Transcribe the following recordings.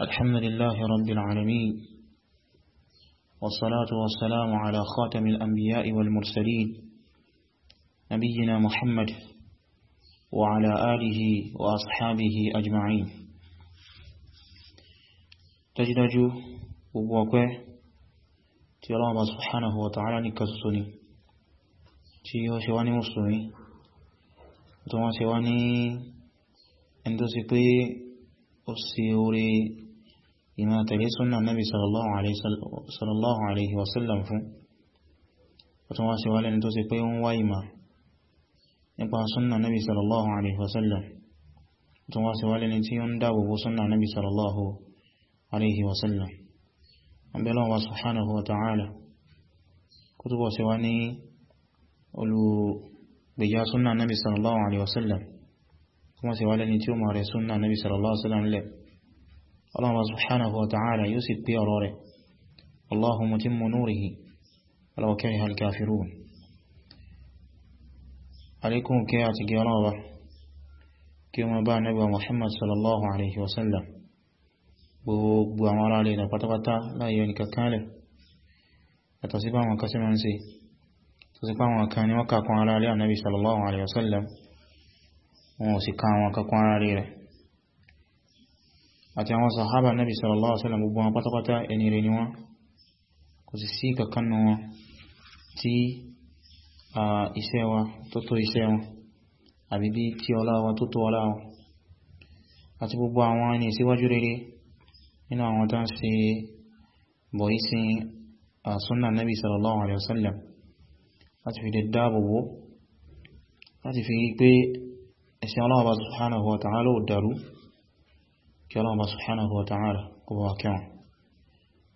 الحمد لله رب العالمين والصلاة والسلام على خاتم الأنبياء والمرسلين نبينا محمد وعلى آله وأصحابه أجمعين تجدجو وبوكوه تيرا سبحانه وتعالى نكسسني تيو شواني مسلمي وتما شواني اندو سيكوي ó ìmọ̀ tẹ̀lé súnnà nábi sallallahu alaihi wasallam fún ọ̀tún wá sí wá lẹ́ni tó sì pé ń wá ìmọ̀ nípa súnnà nábi sallallahu alaihi wasallam ọ̀tún wá sí wá lẹ́ni tí ó ń dáàbòbò súnnà nábi sallallahu alaihi wasallam abẹ́lọ́wọ́ wa subhanahu wa ta'ala kó túbọ̀ sí wá ní olùgbèjá súnnà nábi sallallahu alaihi wasallam kuma sí wá lẹ́ni tí ó mọ̀ rẹ̀ súnnà nábi sallallahu alaihi wasallam lẹ́ẹ̀ Allah subhanahu wa ta'ala yóò sì pé ọ̀rọ̀ rẹ̀ Allahu mutimmu nurihi walaw kariha al-kafirun alékún kí a ti gẹ́ ọlọ́wà kí o mọ̀ bá nẹ́gbà Muhammad sallallahu alaihi wasallam gbogbo àwọn ará lè pátápátá láyé ẹni kankanlẹ̀ yàtọ̀ sí báwọn kan sí ma ń ṣe kan ní wọ́n kakún ará lè àti àwọn sàhábà nábi sallallahu alaihi wasallam gbogbo wọn pátápátá ẹni rẹ̀ ni wọ́n kò sì sí kankannu wọn tí iṣẹ́ wọn tó tó iṣẹ́ wọn àbí bí tí ọlá wọn tó tó ọlá wọn àti gbogbo àwọn ẹni síwájú rere nínú àwọn tán ṣe bọ̀ isi sunna nábi sallallahu alaihi wasallam kí ọlọ́ọ̀bá subhanahu wa ta'ala kó bá wa kẹwọn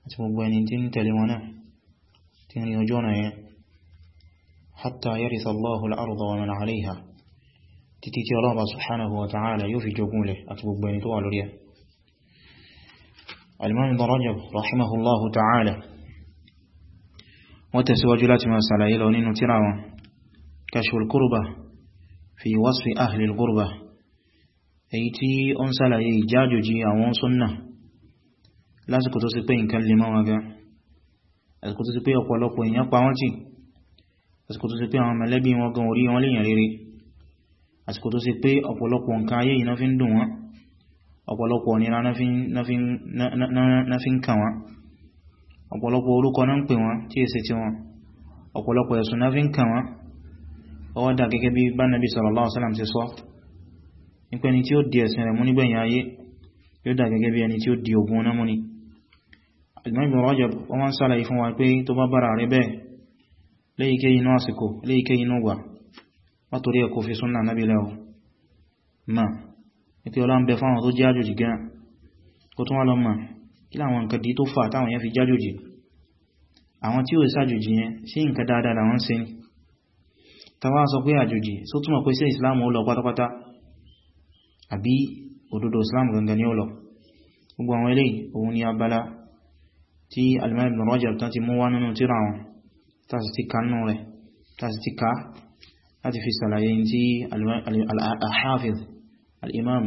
àti gbogbo ẹni tí ń tẹ̀lé wọn náà tí ń rí ojú ọ̀nà yẹn hatta yaritha Allahu al-arda wa man 'alayha títí tí ọlọ́ọ̀bá subhanahu wa ta'ala yóò fi jogún lẹ̀ àti gbogbo ẹni tó wà lórí ẹ̀ al-imam ibn Rajab rahimahullahu ta'ala wọ́n tẹ̀síwájú láti máa sàlàyé lọ nínú tírà wọn kashful kurba fi wasfi ahli al-ghurba èyí tí ó ń sàlàyé ìjájòjì àwọn súnnà lásìkò tó sì pé nǹkan lè máa gan àsìkò tó sì pé ọ̀pọ̀lọpọ̀ èèyàn pa wọ́n tì àsìkò tó sì pé àwọn mẹ̀lẹ́bí wọn gan orí wọn lèyàn rere àsìkò tó sì pé ọ̀pọ̀lọpọ̀ nǹkan ayé yìí na fi ń na fi ń kà wọn ọ̀pọ̀lọpọ̀ orúkọ náà ń pè wọn tí èsì tí wọn ọ̀pọ̀lọpọ̀ ẹ̀sùn náà fi ń kà wọn ọwọ́dà gẹ́gẹ́ bí bá nàbí sallallahu alaihi ti sọ nípa ẹni tí ó di ẹ̀sìn rẹ̀ mú nígbẹ̀yìn ayé yóò dà gẹ́gẹ́ bí ẹni tí ó di ogun náà mú ni Ibn Rajab wọ́n wọ́n sálàyé fún wa pé tó bá bára rẹ̀ bẹ́ẹ̀ léyìíké inú àsìkò léyìíké inú wà látòrí ẹ̀kọ́ fi súnnà náà bílẹ̀ ọ̀ ma ìpé ọlá ń bẹ fáwọn tó jẹ́ àjòjì gan kò tún wá ma kí láwọn nǹkan dí tó fà àwọn tí ó sàjòjì yẹn sí nǹkan dáadáa làwọn ń ni tàwa sọ pé àjòjì só túnmọ̀ pé sí ìsìláàmù ó lọ pátápátá àbí òdodo islam gangan ni ó lọ gbogbo àwọn eléyìí òun ni abala tí al-Imam Ibn Rajab tán ti mú wá nínú tírà wọn tàbí ti ká nínú rẹ̀ tàbí ti ká láti fi sàlàyé tí al-Hafiz al-Imam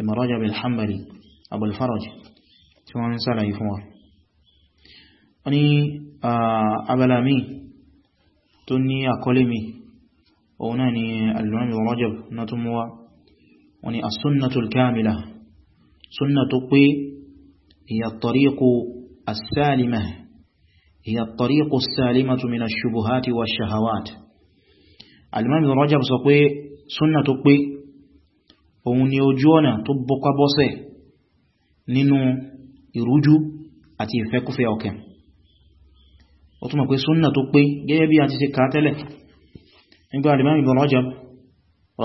Ibn Rajab al-Hanbali Abul Faraj tí wọ́n ń sàlàyé fún wa wọ́n abala mi tó ní àkọlé mi òun náà ni al Ibn Rajab na tó mú wá wọ́n ni as-sunnatul kamila sunna tó pé hiya at-tariqu as-salima hiya at-tariqu as-salimatu min ash-shubuhati wash-shahawat al-imam ibn rajab sọ pé sunna tó pé òun ni ojú ọ̀nà tó bọ́kwá bọ́sẹ̀ nínú ìrújú àti ìfẹ́kúfẹ́ ọkàn ó pé sunna pé gẹ́gẹ́ bí a ti ṣe kàátẹ́lẹ̀ nígbà al rajab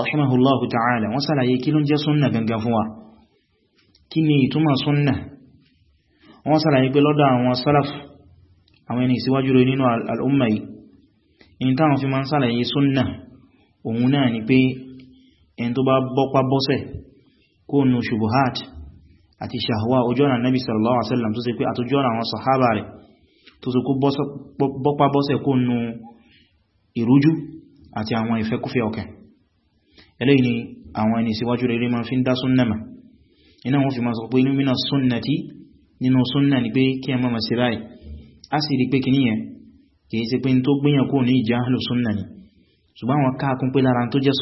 rahimahullahu ta'ala wọ́n sàlàyé kí ló ń jẹ́ súnnà gangan fún wa kí ni ìtumọ̀ súnnà wọ́n sàlàyé pé lọ́dọ̀ àwọn salaf àwọn ẹni ìsíwájú rẹ̀ nínú al'umma yìí in táwọn fi ma ń sàlàyé súnnà òun náà ni pé ẹni tó bá bọ́pá bọ́sẹ̀ kó nù ṣubuhat àti ṣàhwà ojú ọ̀nà nabi sallallahu alaihi wasallam tó eléyìí ni àwọn ẹni síwájú rere ma fi ń dá súnnà mà iná wọn fi ma sọ pé inú mìíràn súnnà tí nínú súnnà ni pé kí ẹ mọ́mọ̀ sí báyìí a sì rí pé kì níyẹn kì í ṣe pé tó gbìyàn kó ní ìjà ahlù súnnà ni ṣùgbọ́n àwọn káàkún pé lára tó jẹ́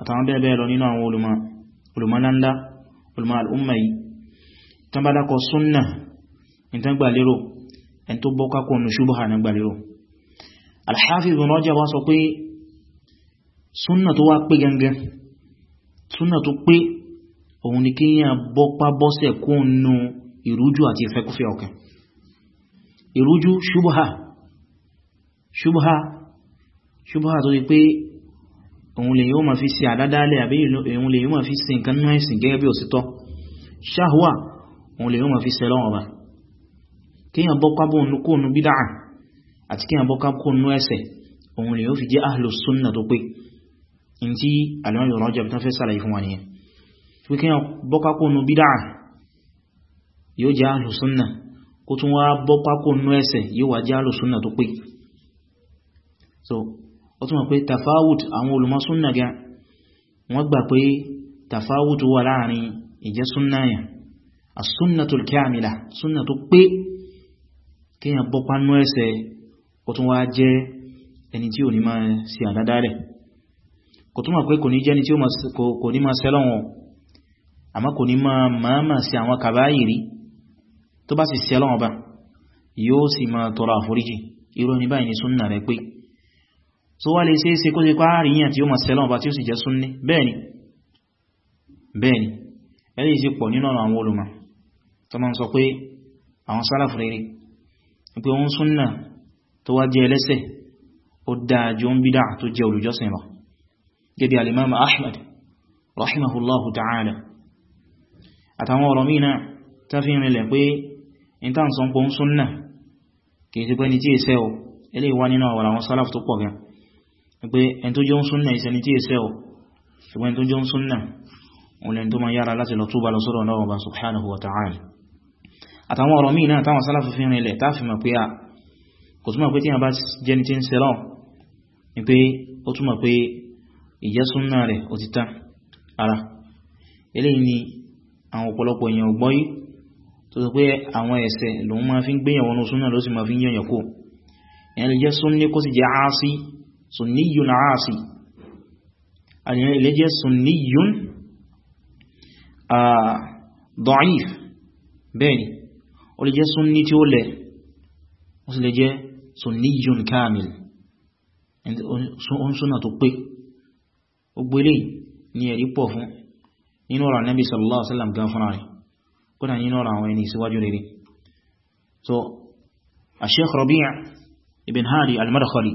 àtàwọn bẹ́ẹ̀ bẹ́ẹ̀ lọ nínú àwọn olùmọ́láńdá olùmọ́ al'umma yìí tán bá dákọ̀ súnnà ìtàn gbàlérò ẹn tó bọ́ kákò ní ṣubha ní gbàlérò al-Hafiz Ibn Rajab wá sọ pé súnnà tó wá pé gangan súnnà tó pé òun òun lè yíó ma fi ṣe àdádálẹ̀ àbí òun lè yíó ma fi ṣe nǹkan náà ẹ̀sìn gẹ́gẹ́ bí òsìtọ́ ṣáhùwà òun lè yíó ma fi ṣe lọ́wọ́ bá kíyàn bọ́ kábọ̀ òun kóònú bídáà àti kíyàn bọ́ kábọ̀ òun ẹsẹ̀ òun lè yíó fi jẹ́ ahlu sunna tó pé so ó túnmọ̀ pé tafawut àwọn olùmọ̀ súnnà ga wọ́n gbà pé tafawut wà láàrin ìjẹ́ súnnà yẹn as-sunnatul kamila súnnà tó pé kíyàn bọ́ pánú ẹsẹ̀ ó wá jẹ́ ẹni tí ò ní máa sí àdádálẹ̀ kò túnmọ̀ pé kò ní jẹ́ ni tí kò ní máa sẹ́lọ̀wọ̀n àmọ́ kò ní máa máa máa sí àwọn kàbáyìrí tó bá sì sẹ́lọ̀wọ̀n bá yóò sì máa tọrọ àforíjì irú ẹni báyìí ni súnnà rẹ̀ pé so wá lè ṣeéṣe kó ṣe pá àríyàn tí ó mọ̀ sẹ́lọ́n bá tí ó sì jẹ́ súnní bẹ́ẹ̀ni bẹ́ẹ̀ni ẹlẹ́ ìṣe pọ̀ nínú àwọn olùmọ̀ tó máa ń sọ pé àwọn sálàfù rere pé oun súnnà tó wá jẹ́ ẹlẹ́sẹ̀ ó dáa jù ń bídá tó jẹ́ olùjọ́sìn lọ gẹ́gẹ́ alimama ahmad rahimahullahu ta'ala àtàwọn ọ̀rọ̀ mína pé ẹn tó jọ ń súnnà ìsẹni tí èsẹ́ ọ̀ ṣùgbọ́n ẹn tó jọ ń súnnà olẹ́n tó ma yára láti lọ túbà lọ sọ́rọ̀ subhanahu wa ta'ala àtàwọn ọ̀rọ̀ míì náà táwọn sálàfí fi rìnlẹ̀ táàfi mọ̀ pé a kò túnmọ̀ pé tí a bá jẹni tí ń se lọ ni pé ó túnmọ̀ pé ìjẹ́ súnnà rẹ̀ ó ti tán ara eléyìí tó pé àwọn ẹ̀ṣẹ̀ lòun máa fi ń gbéyàwó súnnà ló sì máa fi ń yẹ̀yàn kó ìyẹn lè jẹ́ súnnà kó sì jẹ́ áásí sunniyun aasi àdìyàn ilé jẹ́ sunniyun da'if bẹ́ẹ̀ni ó lè jẹ́ sunni tí ó lẹ̀ ó sì lè jẹ́ sunniyun kamil oun súnà tó pé gbogbo ilé ni ẹ̀rí pọ̀ fún nínú ọ̀rọ̀ Ànábì sallallahu gan fúnra rẹ̀ kódà nínú ọ̀rọ̀ àwọn ẹni síwájú rere so a sheikh Rabi' ibn Hadi al-Madkhali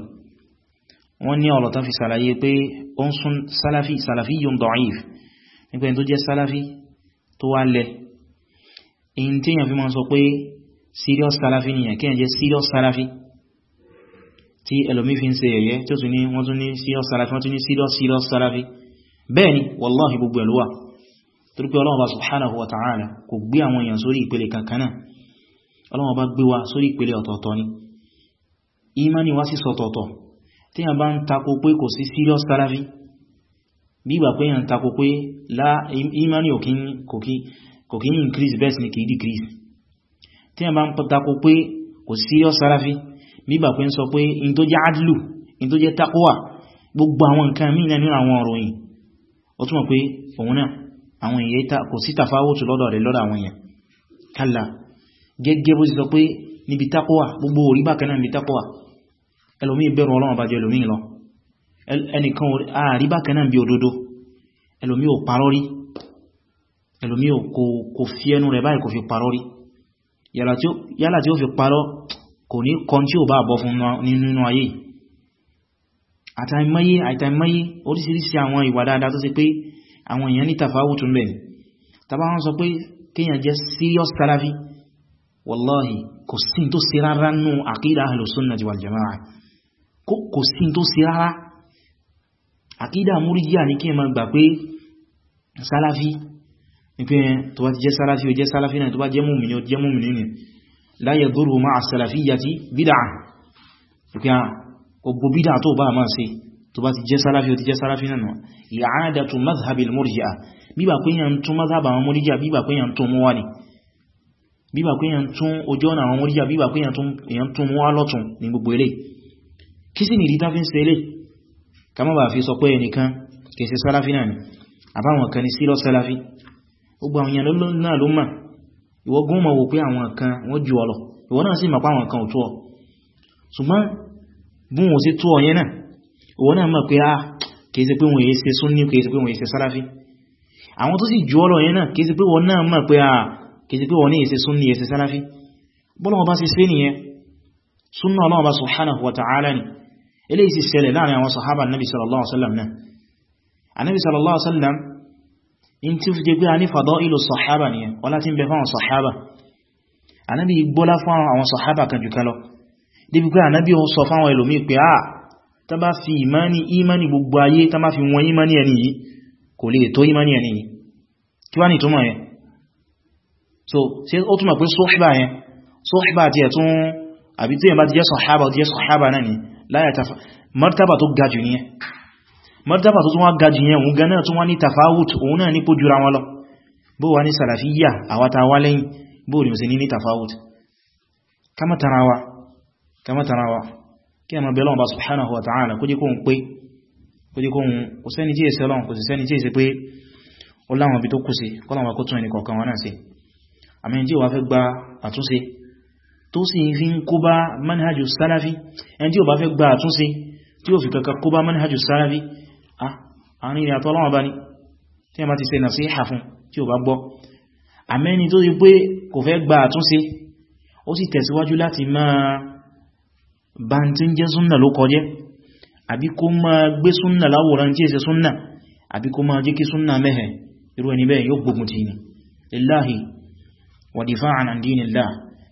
wọ́n ní ọ̀rọ̀ tán fi sàlàyé pé ó ń sún sálàfí sàlàfí yóò da'if nípa ẹni tó jẹ́ sálàfí tó wá lẹ èyí tí èyàn fi máa sọ pé serious sálàfí nìyàn kí èyàn jẹ́ serious sálàfí tí ẹlòmí fi ń ṣe ẹ̀yẹ tí ó tún ní wọ́n tún ní serious sálàfí wọ́n tún ní serious serious sálàfí bẹ́ẹ̀ ni wallahi gbogbo ẹ̀lú tí a bá ń takò pé kò sí serious salafi bí pé yàn takò pé imani kò kí ní increase bẹ́ẹ̀ sí ni kìí decrease tí a bá ń takò pé kò sí serious salafi bí pé ń sọ pé in tó jẹ́ adlu in tó jẹ́ takowa gbogbo àwọn nǹkan mí nínú àwọn ọ̀rọ̀ yìí ó túnmọ̀ pé òun náà àwọn èèyàn kò sí tàfáwòtù lọ́dọ̀ rẹ̀ lọ́dọ̀ àwọn èèyàn kálá gẹ́gẹ́ bó ti sọ pé níbi takowa gbogbo orí bákan níbi takowa ẹlòmí bẹ̀rù ọlọ́run bá jẹ́ ẹlòmí lọ ẹnìkan ààrí bákan náà bí òdodo ẹlòmí ò parọ́ rí ẹlòmí ò kò fi ẹnu rẹ̀ báyìí kò fi parọ́ rí yálà tí ó fi parọ́ kò ní kan tí ó bá bọ́ fún nínú ayé àtàìmọ́yé àtàìmọ́yé oríṣiríṣi àwọn ìwà dáadáa tó ṣe pé àwọn èèyàn ní tàfàwù tún bẹ̀ tàbá wọn sọ pé kíyàn jẹ́ serious salafi wallahi kò sí tó sí rárá nù àkídà ahlus sunnah kò sí tó sí rárá àkídà múríjíà ní kí ẹ ma gbà pé sálàfí ní pé tó bá ti jẹ́ sálàfí o jẹ́ sálàfí náà tó bá jẹ́ múmìnì o jẹ́ múmìnì ni la yadurru ma'a sálàfíyyati bid'ah ìpé gbogbo bídà tó bá máa ṣe tó bá ti jẹ́ sálàfí o ti jẹ́ sálàfí náà i'adatu madhhabil múríjíà mazhab àwọn múríjíà bíbà pé yàn tún mú wá ni bíbà pé yàn tún ojú ọ̀nà àwọn múríjíà bíbà pé yàn tún mú wá kí sì nìdí tán fi ń ṣẹlẹ̀ kama bá fi sọ pé ẹnìkan kèsì sálàfí náà ni àbáwọn kan ní sílọ sálàfí gbogbo àwọn èèyàn náà ló mà ìwọ gún mọ̀ wò pé àwọn kan wọ́n ju ọlọ̀ ìwọ náà sì mọ̀ páwọn kan ò tó ọ ṣùgbọ́n bí wọn ò sí tó ọ yẹn náà ìwọ náà mọ̀ pé a ah, kèsì pé wọn èé ṣe súnní kèsì pé wọn èé ṣe sálàfí àwọn tó sì ju ọlọ̀ yẹn náà kèsì pé wọn náà mọ̀ pé a ah, kèsì pé wọn ní èé ṣe súnní èé eléyìí sì ṣẹlẹ̀ láàrin àwọn sahaba nabi sallallahu alaihi wasallam náà anabi sallallahu alaihi wasallam in ti fi jẹ́ pé a ní fadailu sahaba ni ọlá tí ń bẹ fáwọn sahaba anabi gbọ́lá fún àwọn sahaba kan jùkẹ́ lọ débi pé anabi ó sọ fáwọn ẹlòmí pé a ah, ta bá fi imani imani gbogbo ayé ta bá fi wọn imani ẹni yìí kò lè tó imani ẹni yìí kí wá ní túmọ̀ yẹn so ṣe ó túmọ̀ pé sọ́ṣbà yẹn sọ́ṣbà ti ẹ̀tún àbí tí èyàn bá ti jẹ́ sọ̀hábà ti jẹ́ sọ̀hábà náà ni láyà tafa martaba tó ga jù nìyẹn martaba tó tún wá ga jù yẹn òun gan náà tún wá ní tafawut òun náà ní pójúra wọn lọ bó wà ní sàlàfíyà àwátá wá lẹ́yìn bó ní òsì ní ní tafawut kamatarawa kamatarawa kí a ma bẹ̀lọ́n bá subhanahu wa ta'ala kó jẹ́ kóhun pé kó jẹ́ kóhun tó sì fi ń kó bá manhajjú sálàfí ẹni tí ó bá fẹ́ gba àtúnṣe tí ó fi kankan kó bá manhajjú sálàfí àárín ìrìn àtọ́ ọlọ́wọ́ bá ní tí a má ti ṣe nàṣíhà fún tí ó bá gbọ́ àmẹ́ni tó sì pé kò fẹ́ gba àtúnṣe ó sì tẹ̀síwájú láti máa bá ń tí ń jẹ́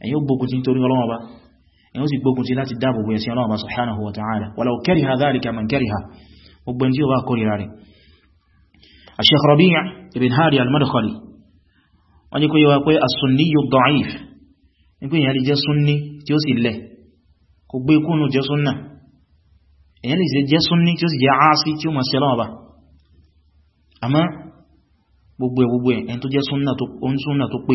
ẹ̀yin ó gbógun ti nítorí Ọlọ́run Ọba ẹ̀yin ó sì gbógun ti láti dáàbò bo ẹ̀sìn Ọlọ́run Ọba subhanahu wa ta'ala walau kariha dhalika man kariha gbogbo ẹni tí ó bá kórìíra rẹ̀ Sheikh Rabi' ibn Hadi al-Madkhali wọ́n jẹ́ kó yíwa pé tí ó sì lẹ̀ kò gbogbo ẹ̀ ẹ̀ ẹni tó jẹ́ sunna tó pé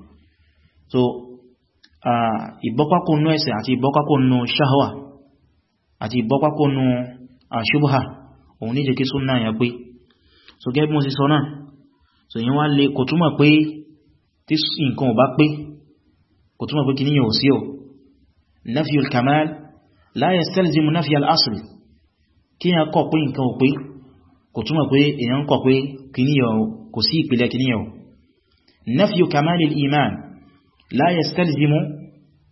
so ìbọ́pákónú ẹ̀ṣẹ̀ àti ìbọ́pákónú ṣáhwà àti ìbọ́pákónú àṣíbùhà òun ní jẹ́kí súnnà yà pé so gẹ́gbùn sí sọ náà so yín wá lè kò túmọ̀ pé tí nǹkan ò bá pé kò túmọ̀ pé kìníyàn ò sí ò nafiyul kamal la yastalzimu nafiyal asl kí yàn kọ̀ pé nǹkan ò pé kò túmọ̀ pé èyàn kọ̀ pé kìníyàn kò sí ìpìlẹ̀ kìníyàn nafiyul kamalil iman لا يستلزم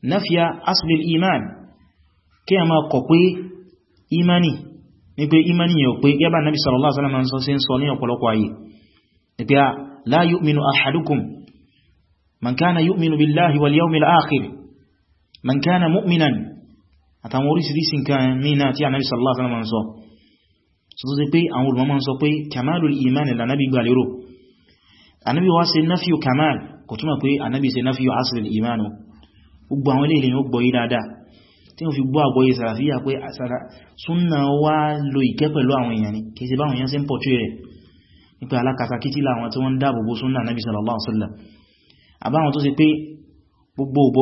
نفي أصل الإيمان كما قوي إيماني nípe imani yẹn pé gẹ́bà nabi sallallahu alaihi wasallam sọ sí ń sọ ní ọ̀pọ̀lọpọ̀ ayé nípe a la yu'minu ahadukum man kana yu'minu billahi wal yawmil akhir man kana mu'minan àtàwọn orísìírísì nǹkan mìíràn tí a nabi sallallahu alaihi wasallam sọ so tó sì pé àwọn olùmọ́mọ́ sọ pé kamalul iman la nabi gbà lérò a nabi wá sí nafiyu kamal kò túnmọ̀ pé anábi ṣe nafiyu asril imanu gbogbo àwọn iléèrè yóò gbọ́ yí dáadáa tí wọ́n fi gbọ́ àgbọ́yé sàràfíà pé súnà wá lo ìkẹ́ pẹ̀lú àwọn èèyàn ni kìí ṣe báwọn èèyàn ṣe ń pọ̀tú rẹ̀ nípa alákatakítí láwọn tí wọ́n dáàbòbò súnà nábi sallallahu alaihi wasallam àbáwọn tó ṣe pé gbogbo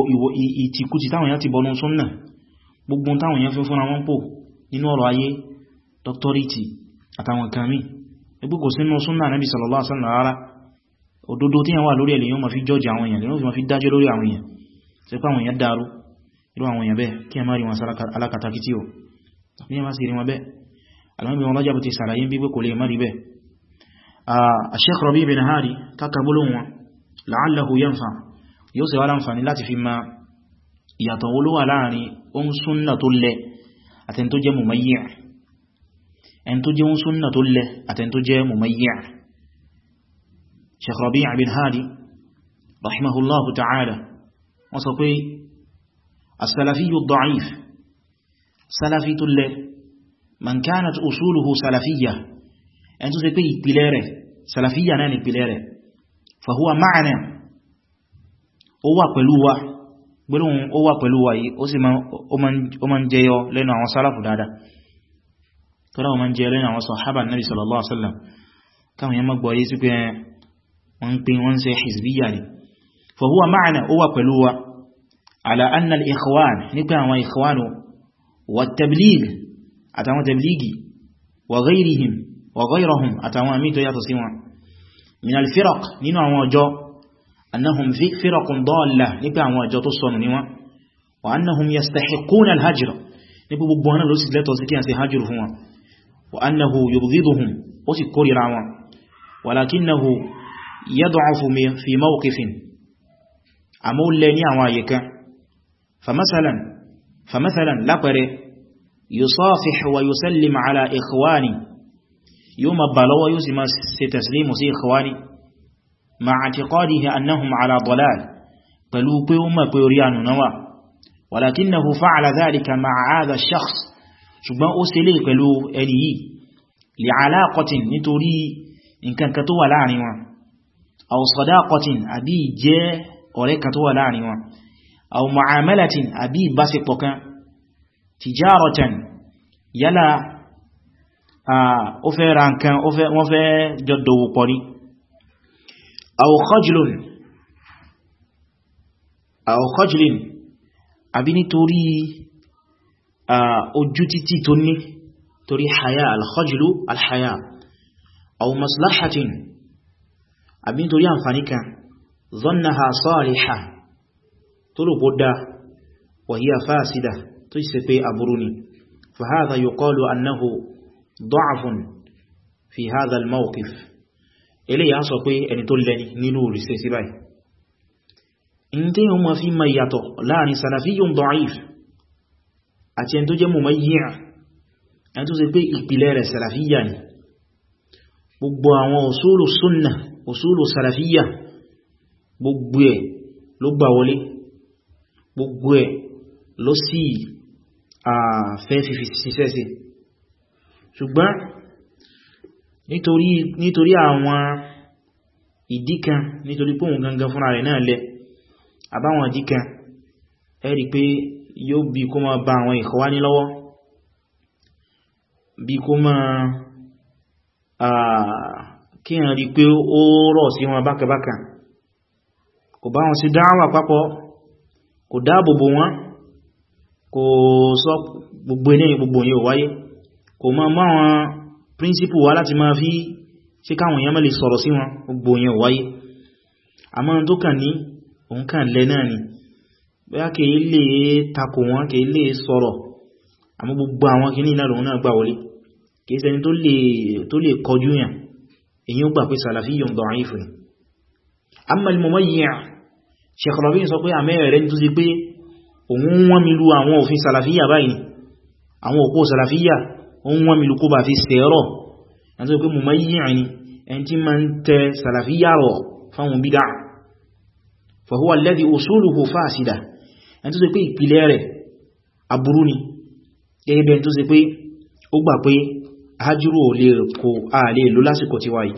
ìtìkútì táwọn èèyàn ti bọnú súnà gbogbo táwọn èèyàn fi fúnra wọn pò nínú ọ̀rọ̀ ayé dọ́kítọ́rìtì àtàwọn kan mí sallallahu alaihi wasallam òdodo tí yàn wà lórí ẹ̀lẹ́yàn ma fi jọ́jì àwọn èèyàn lẹ́yìn ma fi dájọ́ lórí àwọn èèyàn tí ó pàwọn èèyàn dárú irú àwọn èèyàn bẹ́ẹ̀ kí a má rí wọn alákatakí tí ó ní a má sì rí wọn bẹ́ẹ̀ alamọ́bí wọn lájábọ̀ ti sàlàyé bí pé kò lè má rí bẹ́ẹ̀ Sheikh Rabi' bin Hadi káka Sheikh Rabi' bin Hadi rahimahullahu ta'ala wọ́n sọ pé as-salafiyyu ad-da'if salafi tó lẹ man kanat usuluhu salafiyya ẹn tó ṣe pé ìpìlẹ̀ rẹ̀ salafiyya náà ni ìpìlẹ̀ rẹ̀ fa huwa ma'ana ó wà pẹ̀lú wa gbẹ́lùn ó wà pẹ̀lú wa yìí ó sì ma ń jẹyọ lẹ́nu àwọn salafu dáadáa tọ́lá ma ń jẹyọ lẹ́nu àwọn sahaba nabi sallallahu alaihi wasallam káwọn yẹn mọ́gbọ̀ yìí sí pé wọ́n pè wọ́n ṣe hizbiyya ni fa huwa ma'ana ó wà pẹ̀lú wa ala anna al-ikhwan nípa àwọn ikhwanu wa tabligh àtàwọn tabligi wa ghayrihim wa ghayrahum àtàwọn àmì tó yàtọ̀ sí wọn min al-firaq nínú àwọn ọjọ́ annahum fi firaqun dalla nípa àwọn ọjọ́ tó sọnù ni wọn wa annahum yastahiquna يضعف في موقف أمول لني عوايك فمثلا فمثلا لقري يصافح ويسلم على إخواني يوم بلو يسمى ستسليم سي إخواني مع اعتقاده أنهم على ضلال قالوا قيوما قيريان نوا ولكنه فعل ذلك مع هذا الشخص شبا أسلي se lè لعلاقة نتوري إن كان aláàkọ́tìn nítorí nǹkan aw sadaqatin àbí jẹ́ ọ̀rẹ́ kan tó wà láàrin wọn aw muamalatin àbí ìbáṣepọ̀ kan tijaratan yálà ó fẹ́ ra nǹkan wọ́n fẹ́ jọdọ̀wò pọ̀ ní aw khajlun aw khajlin àbí nítorí ojú títí tó ní torí haya al khajlu al maslahatin àbí nítorí àǹfàní kan zannaha saliha tó lò bó dá wa hiya fásídà tó ṣe pé aburú ni fa hadha yuqalu annahu da'afun fi hadha al-mawqif eléyìí á sọ pé ẹni tó lẹ́ni nínú òrìṣẹ́ sí báyìí in tí yíò ma gbogbo àwọn usulu sunnah usulu salafiyya gbogbo ẹ̀ ló gbà wọlé gbogbo ẹ̀ ló sì àfẹ́ fífi síṣẹ́ sí ṣùgbọ́n nítorí àwọn ìdí kan nítorí pé òun gangan fúnra rẹ̀ náà lẹ àbáwọn ìdí kan ẹ pé yóò bí kó máa ba àwọn ìkọwá ní lọ́wọ́ bí kó máa kí yàn rí pé ó rọ̀ sí wọn bákabáka kò bá wọn sí dáwà papọ̀ kò dáàbòbò wọn kò sọ gbogbo ilé gbogbo yíò wáyé kò máa mọ́ àwọn príncipù wá láti máa fi ṣe káwọn èèyàn mẹ́lẹ̀ sọ̀rọ̀ sí wọn gbogbo yíò wáyé ni bóyá kìí lè tó lè kọjú yàn èyí ó gbà pé salafiyyun da'ifun amma al-mumayyi' Sheikh Rabi' sọ pé àmẹ́ rẹ̀ tó sì pé òun wọ́n milu àwọn òfin salafiyya báyìí àwọn òkú salafiyya òun wọ́n milu kó bá fi sẹ́rọ̀ àti pé mumayyi' ni ẹn tí ma ń tẹ pé ó gbà pé hajjúrò olè kò ààlè ló lásìkò ti wáyìí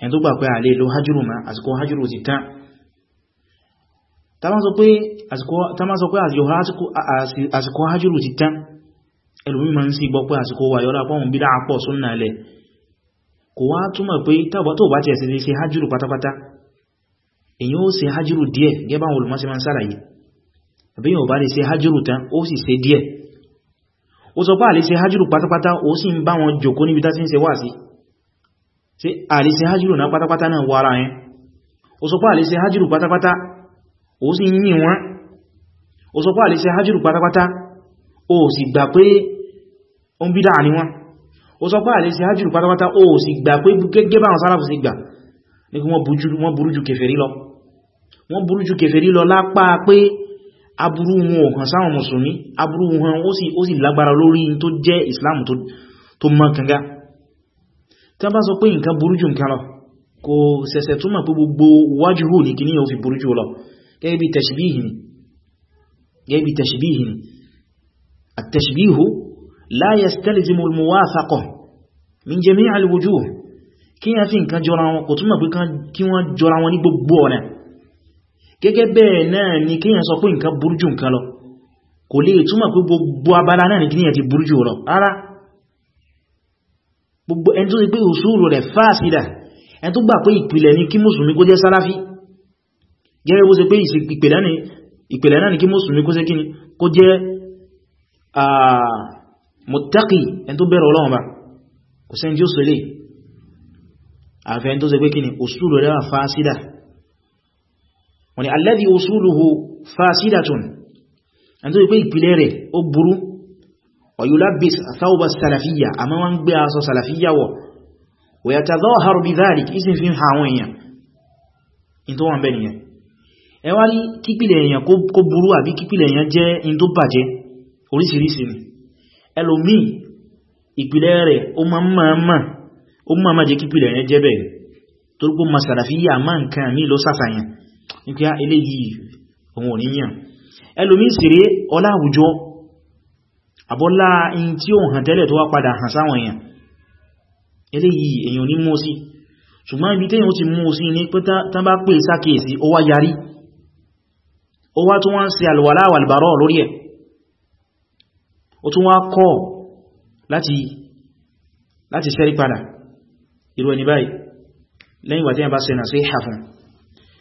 ẹni tó gbà pé ààlè ló hajjúrò ma àsìkò hajjúrò ti tán ta ma sọ pé àsìkò hajjúrò ti tán ẹlòmí ma ń sí gbọ́ pé àsìkò wà yọ́lá pọ́hùn bídá àpọ̀ súnnà lẹ kò wá ti ó sọ pé a lè ṣe hajjúrù pátápátá ó sì ń bá wọn jòkó níbi tá sí ń ṣe wà sí ṣe a lè ṣe hajjúrù náà pátápátá náà wà ara yẹn ó sọ pé a lè ṣe hajjúrù pátápátá ó sì ń yìn wọ́n ó sọ pé a lè ṣe hajjúrù pátápátá ó sì gbà pé ó ń bídá ní ó sọ pé a hajjúrù pátápátá ó sì gbà pé gẹ́gẹ́ báwọn sáràfù sí gbà ní kí burú ju kèfèrí lọ lápá pé aburú wọn ọ̀kan sáwọn mùsùlùmí aburú wọn ó sì ó sì lágbára lórí tó jẹ́ islam tó mọ́ kanga tí a bá sọ pé nǹkan burú jù nǹkan lọ kò sẹ̀sẹ̀ túnmọ̀ pé gbogbo wájú hù ní kìníyàn ó fi burú jù lọ gẹ́gẹ́ bí tashbihi ni gẹ́gẹ́ gẹ́gẹ́ bẹ́ẹ̀ náà ni kíyàn sọ pé nǹkan burú jù nǹkan lọ kò lè túmọ̀ pé gbogbo abala náà ni kíyàn ti burú jù ara gbogbo ẹni tó ti pé òṣùrù rẹ̀ fásidà ẹni tó gbà pé ìpìlẹ̀ ni kí mùsùlùmí kó jẹ́ sáláfí gẹ́gẹ́ bó ṣe pé ìpìlẹ̀ náà ni kí mùsùlùmí kó jẹ́ kíni kó jẹ́ wọ́n ni alladhi usuluhu fasidatun ẹni tó wípé ìpìlẹ̀ rẹ̀ ó burú wa yulabbis thawba salafiyya a ma wọ́n gbé aṣọ salafiyya wọ̀ wa yatadhaharu bidhalik isin fi ha àwọn èèyàn in tó wọ́n bẹ́ nìyẹn ẹ wá rí kípìlẹ̀ èèyàn kó burú àbí kípìlẹ̀ èèyàn jẹ́ in tó bàjẹ́ oríṣiríṣi sáfàyàn ní pé ah, eléyìí òun ò ní yàn ẹlòmí ìsìrí ọlá àwùjọ àbọ́lá in tí ó hàn tẹ́lẹ̀ tó wá padà hàn sáwọn èèyàn eléyìí èèyàn ní mú sí ṣùgbọ́n ibi tẹ́yìn ó ti mú sí ní pé tán bá pè sákèsí ó wá yarí ó wá tún wá ń ṣe alwàlá wàlbàrọ̀ lórí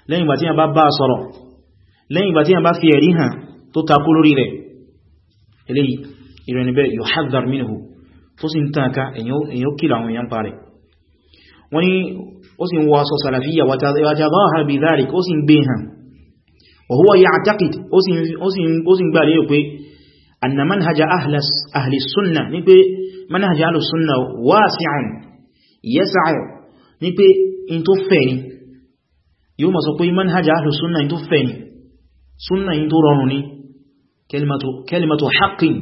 lẹ́yìn ìgbà tí a bá bá sọ̀rọ̀ lẹ́yìn ìgbà tí a bá fi ẹ̀rí hàn tó takó lórí rẹ̀ eléyìí ìrẹnibẹ̀ yuhadhar minhu tó sì ń tànká èyàn kìlà àwọn èyàn parẹ̀ wọ́n ni ó sì ń wọ aṣọ sàlàfíyà wàtàdáhà e bí in tó fẹ̀ ni yóò ma sọ pé manhaja ahlu sunna tó fẹ̀ ni sunna tó rọrùn ni kalimatu haqqin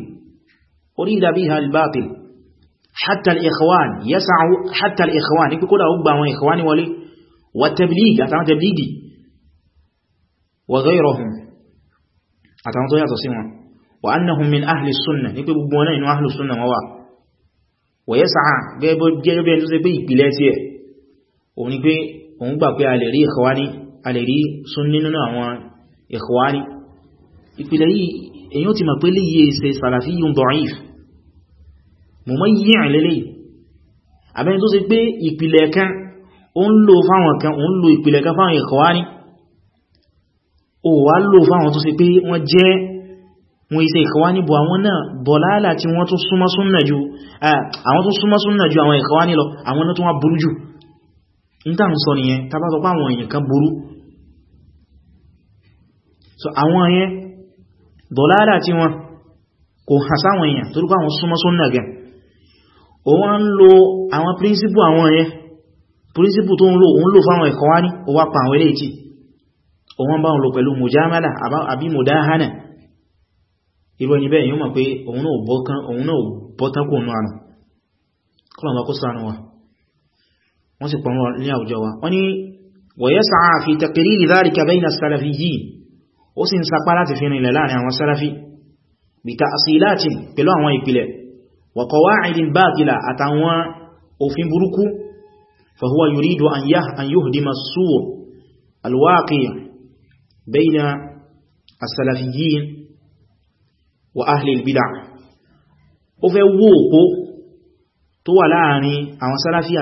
urida biha al-batil hatta al-ikhwan yas'u hatta al-ikhwan ní kíkọ́dá ó gba àwọn ikhwani wọlé wa tabligh àtàwọn tabligi wa ghayrahum àtàwọn tó yàtọ̀ sí wọn wa annahum òun gbà pé a lè rí ikhwani a lè rí sunni nínú àwọn ikhwani ìpìlẹ̀ yìí èyàn ti mọ̀ pé lè yíè ṣe salafiyyun da'if mumayyi' lélẹ̀ àbẹ́ni tó sì pé ìpìlẹ̀ kan ó ń lò fáwọn kan ó ń lò ìpìlẹ̀ kan fáwọn ikhwani ó wá lò fáwọn tó sì pé wọ́n jẹ́ wọn iṣẹ́ ikhwani bọ̀ àwọn náà bọ̀lálà ju àwọn ikhwani lọ àwọn náà tó ń tàn sọ nìyẹn tàbá sọ páwọn so àwọn yẹn dọ̀láàdà tí wọn kò hàn sáwọn èèyàn tó lúkọ àwọn súnmọ́ súnnà gan o wọ́n ń lo àwọn príncipù àwọn yẹn príncipù tó ń lò òun lò fáwọn ẹ̀kọ́ wá ní o wá pa àwọn ilé ìtì o wọ́n bá wọn lò pẹ̀lú yíò mọ̀ pé òun náà bọ́tán kò nù àrùn wọ́n sì pọ̀mọ́ ní àwùjọ wa wọ́n ni wọ̀yẹ́sàá fi taqriri dhalika bayna as-salafiyyin ó sì ń sapá láti fi rìnlẹ̀ láàrin àwọn sálàfí bí ta'asilatin pẹ̀lú àwọn ìpìlẹ̀ wa qawa'idin batila àtàwọn òfin burúkú fa huwa an yuhdima as-suwa al-waqi'a tó wà láàrin àwọn sálàfí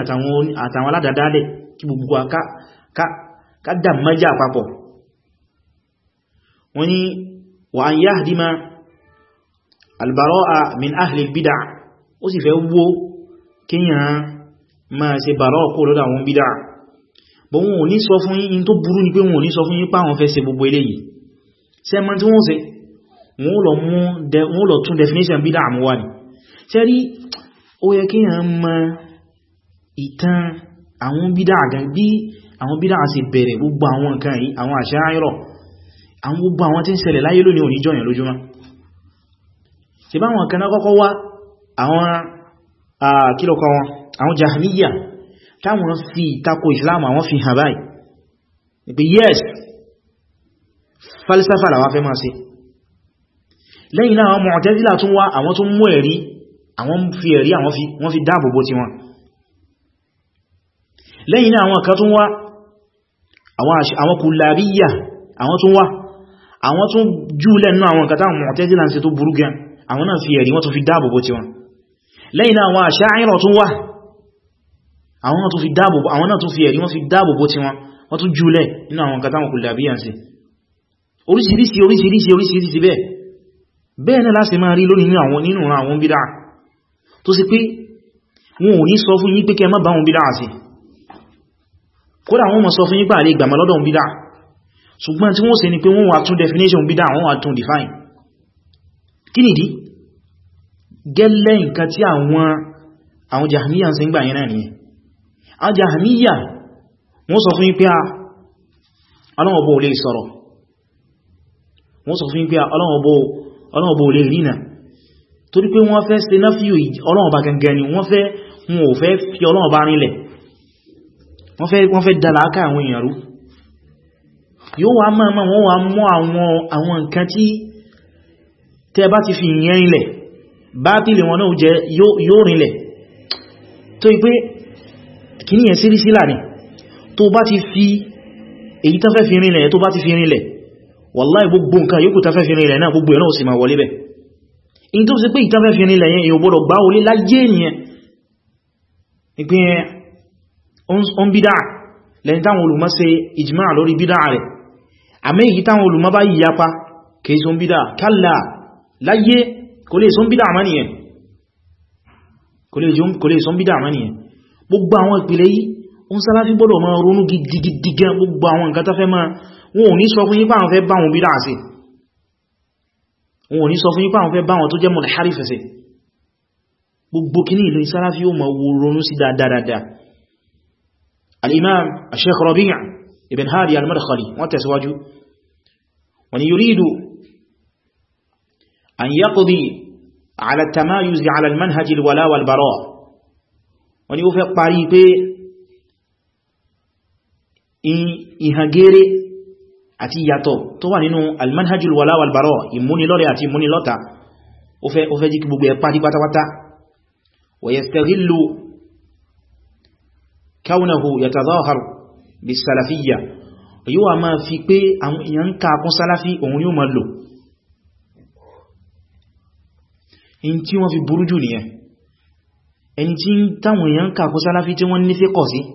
àtàwọn aládàdálẹ̀ kí gbogbo kádà mẹ́jà àpapọ̀ wọ́n ni wà án yahdima albara'a min ahli bid'a ó sì fẹ́ wó kíyàn ma ṣe bara'a kó lọ́dọ̀ àwọn bid'a bọ̀ wọn ò ní sọ fún yín tó burú ni pé wọn ò ní sọ fún yín páwọn fẹ́ ṣe gbogbo eléyìí ó yẹ kí èèyàn mọ ìtàn àwọn bídá àgán bí àwọn bídá àti bẹ̀rẹ̀ gbogbo àwọn nǹkan yìí àwọn àṣà àìrọ̀ àwọn gbogbo àwọn tí ń ṣẹlẹ̀ láyé lónìí òní jọyàn lójúmọ́ ṣe bá wọn kan náà kọ́kọ́ wá àwọn kílọ̀kọ́ wọn àwọn fi ìtakò islam àwọn fi hàn yes falsafa làwọn fẹ́ máa ṣe lẹ́yìn náà àwọn mu'tazila tún wá àwọn tún mú àwọn fi ẹ̀rí àwọn fi wọ́n fi dáàbòbò ti wọn lẹ́yìn náà àwọn kan tún wá àwọn kùlàríyà àwọn tún wá àwọn tún júlẹ̀ náà àwọn kan táwọn Mu'tazila ń ṣe tó burú gan àwọn náà fi ẹ̀rí wọ́n tún fi dáàbòbò ti wọn lẹ́yìn náà àwọn Asha'ira tún wá àwọn náà tún fi dáàbòbò àwọn náà tún fi ẹ̀rí wọ́n fi dáàbòbò ti wọn wọ́n tún júlẹ̀ nínú àwọn kan táwọn kùlàríyà ń ṣe oríṣiríṣi oríṣiríṣi oríṣiríṣi bẹ́ẹ̀ bẹ́ẹ̀ náà láti máa rí lónìí nínú àwọn bídá tó sì pé wọn ò ní sọ fún yín pé kẹ má bá wọn bídá àti kódà wọn mọ̀ sọ fún yín pé ìgbàmà lọ́dọ̀ bídá ṣùgbọ́n tí wọ́n ṣe ni pé wọ́n wà tún definition bídá wọ́n wà tún define kí nìdí gẹ́lẹ́ nǹkan tí àwọn àwọn jahmiya ṣe ń gbà yẹn náà nìyẹn a jahmiya wọ́n sọ fún yín pé ọlọ́wọ́ bó torí pé wọ́n fẹ́ ṣe náfíù ọlọ́run ọba gangan ni wọ́n fẹ́ wọn ò fẹ́ fi ọlọ́run ọba rinlẹ̀ wọ́n fẹ́ dá làákà àwọn èèyàn rú yóò wá máa máa wọ́n wá mọ́ àwọn nǹkan tí tẹ́ bá ti fi yẹn ilẹ̀ bátìlì wọn náà jẹ yóò rinlẹ̀ tó ipé kìí yẹn sírí sílà ní tó bá ti fi èyí tán fẹ́ fi rinlẹ̀ tó bá ti fi rinlẹ̀ wàláì gbogbo nǹkan yóò kù tán fẹ́ fi rinlẹ̀ náà gbogbo ẹ̀ náà sì máa wọlé in tó ṣe pé ìtafẹ́ fi nílẹ̀ yẹn èyàn gbọ́dọ̀ gbá olé láyé ènìyàn ìpín on bídá lẹ́yìn táwọn olùmọ̀ ṣe ìjìmá lórí bídá rẹ̀ àmẹ́ èyí táwọn olùmọ̀ bá yìí yapa kìí sọ bídá kálà láyé kò lè sọ bídá àmánìyàn kò lè sọ bídá àmánìyàn gbogbo àwọn ìpìlẹ̀ yìí ó ń Sàláfì gbọ́dọ̀ máa bídá wọn ò ní sọ fún ipá àwọn fẹ́ báwọn tó jẹ́ mọ̀lẹ̀ harifẹsẹ̀ gbogbo kí ní ìlú ìsára fi ó mọ̀ owó ronú sí dáadáa robina ibn hadi al-madkhali wọ́n tẹ̀síwájú wọ́n ni yóò yuridu an yá ala alàtàmà yúzi alàlman manhaj al-wala wal wọ́n ni ó fẹ́ parí pé ìhàgẹ́rẹ́ àti ìyàtọ̀ tó wà nínú almanhajul wala wal bara ìmúnilọ́rẹ̀ àti ìmúnilọ́ta ó fẹ́ ó fẹ́ jí kí gbogbo ẹ̀ pàdí pátápátá wa yastaghillu kaunahu yatazahar bisalafiyya yíò wà máa fi pé àwọn èèyàn ká kún sálàfí òun yóò máa lò in tí wọ́n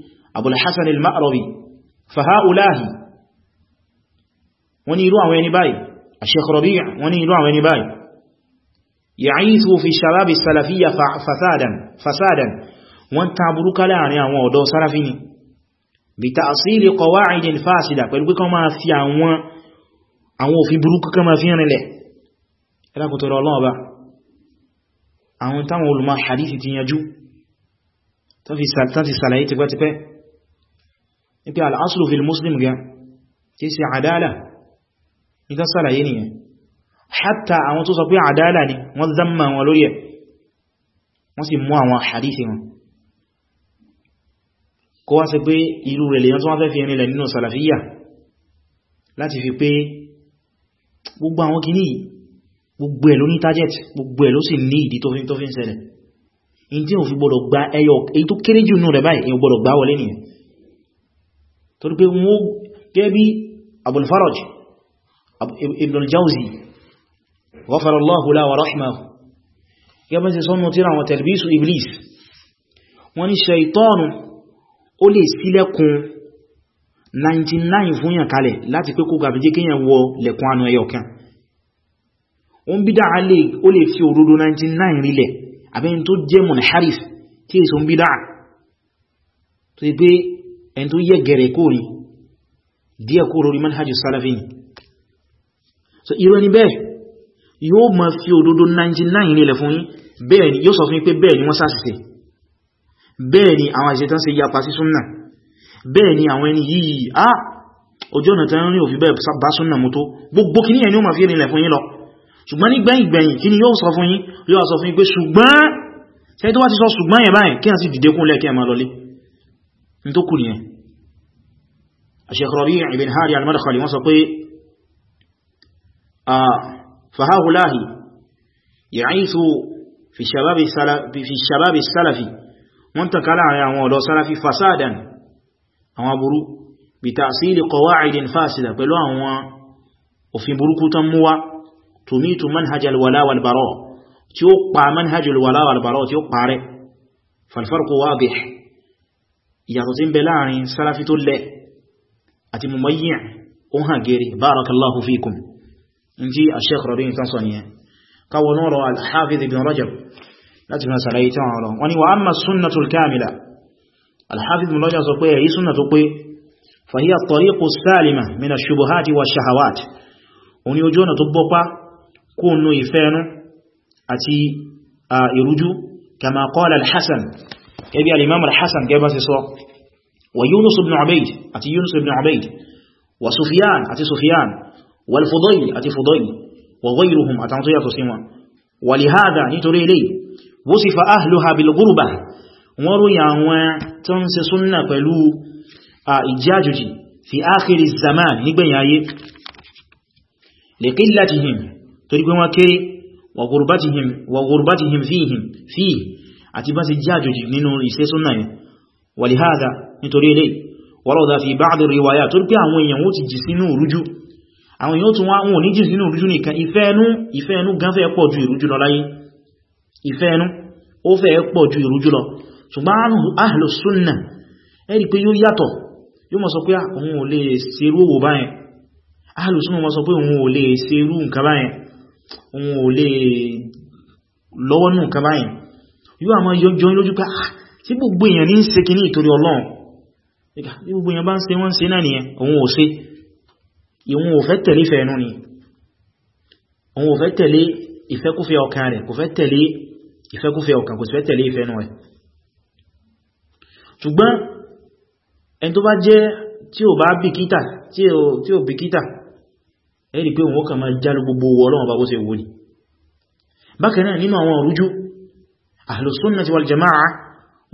أبو الحسن المأروي فهؤلاء ونيلوا وين باي الشيخ ربيع ونيلوا وين باي يعيث في الشباب السلفية فسادا فسادا وانت عبرك لاني àwọn ọ̀dọ́ salafi ni بتأصيل قواعد فاسدة pẹ̀lú pé kan máa fi àwọn àwọn òfin burúkú kan máa fi rìnlẹ̀ ẹlákùntọ̀rọ̀ ọlọ́wọ́ bá àwọn táwọn olùmọ̀ hadithi ti yanjú tó fi sàlàyé tipẹ́tipẹ́ ní pé al'aslu fil muslim gan kí sí àdálà ní tán sàlàyé nìyẹn hatta àwọn tó sọ pé àdálà ni wọ́n zamma wọn lórí ẹ̀ wọ́n sì mú àwọn hadithi wọn kó wá sí pé irú rẹ̀ lèyàn tó wá fẹ́ fi ẹni lẹ̀ nínú sàlàfíyà láti fi pé gbogbo àwọn kìíní gbogbo ẹ̀ ló ní target gbogbo ẹ̀ ló sì ní ìdí tó fi ń ṣẹlẹ̀ torí pé wọ́n gẹ́bí Abul Faraj Ibn al-Jawzi ghafara Allahu lahu wa rahimahu gẹ́bẹ́ sí sọ́nà tí ra wọn talbisu Iblis wọ́n ni ṣaitọ́nù ó lè sílẹ̀kùn 99 fún yàn kalẹ̀ láti pé kó gàbí jẹ́ kíyàn wọ lẹ̀kùn anú ẹyọ kan ó ń bídá ó lè fi òdodo 99 rílẹ̀ àbẹ́yìn tó jẹ́ munharis tí èso ń bídá tó yí pé ẹni tó yẹ gẹ̀rẹ̀ kó ní díẹ̀ kó lórí manhajjus salafin so irú ẹni bẹ́ẹ̀ yóò ma fi òdodo 99 nílẹ̀ fún yín ni yóò sọ fún pé bẹ́ẹ̀ ni wọ́n ṣàṣìṣe bẹ́ẹ̀ ni àwọn àṣìṣe tán ṣe yapa sí súnnà bẹ́ẹ̀ ni àwọn ẹni yìí á ojú ọ̀nà tán rí òfin bẹ́ẹ̀ bá súnnà mú tó gbogbo kí ní ẹni ó ma fi nílẹ̀ fún yín lọ ṣùgbọ́n ní gbẹ̀yìn gbẹ̀yìn kí ni yóò sọ fún yín yóò sọ fún yín pé ṣùgbọ́n ṣe tó wá ti sọ ṣùgbọ́n yẹn báyìí kí a sì dìde kúnlẹ̀ kí a máa lọlé ندكني الشيخ ربيع بن هاري المدخلي وسطي آه، فهؤلاء يعيث في شباب السلف في الشباب السلفي منتقلا يا مولى السلفي فسادا او برو بتاسيل قواعد فاسده بل هو وفي بروكو تموا تميت منهج الولاء والبراء تيو منهج الولاء والبراء تيو فالفرق واضح ìyàtọ̀ tí ń bẹ láàrin sáláfí tó lẹ àti mumayyi' ó hàn gẹ̀rẹ̀ barakallahu fikum in ji a sheikh rabin kan sọniya kawo nọ́rọ̀ al-hafiz ibn rajab láti fi sàlàyé tí wọ́n rọ̀ wani wa amma sunnatul kamila al-hafiz ibn rajab sọ pé èyí sunna tó pé kama qala al-hasan gẹ́gẹ́ al-imam al-hasan gẹ́bà sí sọ wa yunus ibn ubayd àti yunus ibn ubayd wa sufyan àti sufyan wal fudayl àti fudayl wa ghayruhum àtàwọn tó yàtọ̀ sí wọn wa li hadha nítorí ilé wusifa ahluha bil wọ́n ròyìn àwọn tó ń ṣe súnnà pẹ̀lú ìjájòjì fi akhiri zaman nígbẹ̀yìn ayé liqillatihim torí pé kéré wa ghurbatihim wa ghurbatihim àti bá ṣe jẹ́ àjòjì nínú iṣẹ́ súnnà ni wàlìháàdá nítorí ilé wọ́lọ́dá fi báàdì ríwáyà tó pé àwọn èèyàn ó ti jì sínú ìrújú àwọn èèyàn tún wọ́n ní jì sínú ìrújú nìkan ìfẹ́ẹnú ìfẹ́ẹnú gan fẹ́ pọ̀ ju ìrújú lọ láyé ìfẹ́ẹnú ó fẹ́ pọ̀ ju ìrújú lọ ṣùgbọ́n ahlu súnnà ẹ rí pé yóò yàtọ̀ yóò mọ̀ sọ pé ah, lọ́wọ́nù nǹkan yóò àmọ́ yọjọ́ lójú pé tí ah, gbogbo èèyàn ní ń ṣe kí ní ìtorí ọlọ́run tí gbogbo èèyàn bá ń ṣe wọ́n ṣe náà nìyẹn òun ò ṣe ìwọ̀n ò fẹ́ tẹ̀lé ìfẹ́ ẹnu nìyẹn òun ò fẹ́ tẹ̀lé ìfẹ́kúfẹ́ ọkàn rẹ̀ kò fẹ́ tẹ̀lé ìfẹ́kúfẹ́ ọkàn kò sì fẹ́ tẹ̀lé ìfẹ́ ẹnu rẹ̀ nínú àwọn òrújú ahlus sunnati wal jama'a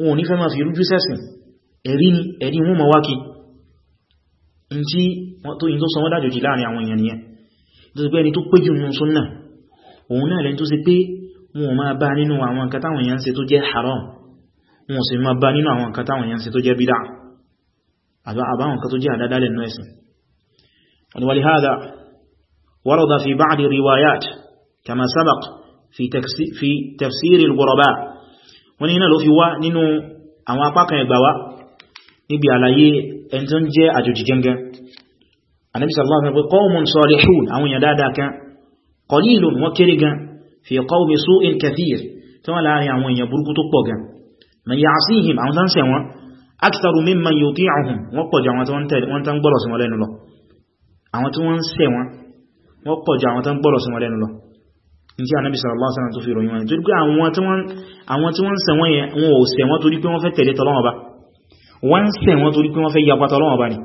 wọn ní fẹ́ ma fi rújú sẹ́sìn ẹ̀rí ni ẹ̀rí wọn mawaki in tí tó yí tó sanwọ́ dájòjì láàrin àwọn èèyàn nìyẹn tó sì pé ẹni tó pé jù nínú súnnà òun náà lẹ́ni tó sì pé wọn ma bá nínú àwọn nǹkan táwọn èèyàn ṣe tó jẹ́ haram wọn sì ma bá nínú àwọn nǹkan táwọn èèyàn ṣe tó jẹ́ bídà àbáwọn nǹkan tó jẹ́ àdádálẹ̀ nínú ẹ̀sìn ولهذا ورد في بعض الروايات كما سبق fi tafsiri al-ghuraba wọ́n ní iná ló fi wá nínú àwọn apákan ẹgbàwá níbi àlàyé ẹn tó ń jẹ́ àjòjì gangan Ànábì sallallahu alaihi wasallam qawmun salihun àwọn èèyàn dáadáa kan qalilun wọ́n kéré gan fi qawmi su'in kathir tó wà láàrin àwọn èèyàn burúkú tó pọ̀ gan man ya'sihim àwọn tán sẹ̀wọ́n aktharu mimman yuti'uhum wọ́n pọ̀ jù àwọn tán gbọ́rọ̀ sí wọn lẹ́nu lọ tí a nábi sallallahu alaihi wasallam tó fi ròyìn wọn torí pé àwọn tí wọ́n ń ṣẹ̀wọ̀n yẹn wọn ò ṣẹ̀wọ̀n torí pé wọ́n fẹ́ tẹ̀lé tọ́lọ́wọ́ bá wọ́n ń ṣẹ̀wọ̀n torí pé wọ́n fẹ́ yapa tọ́lọ́wọ́ bá ní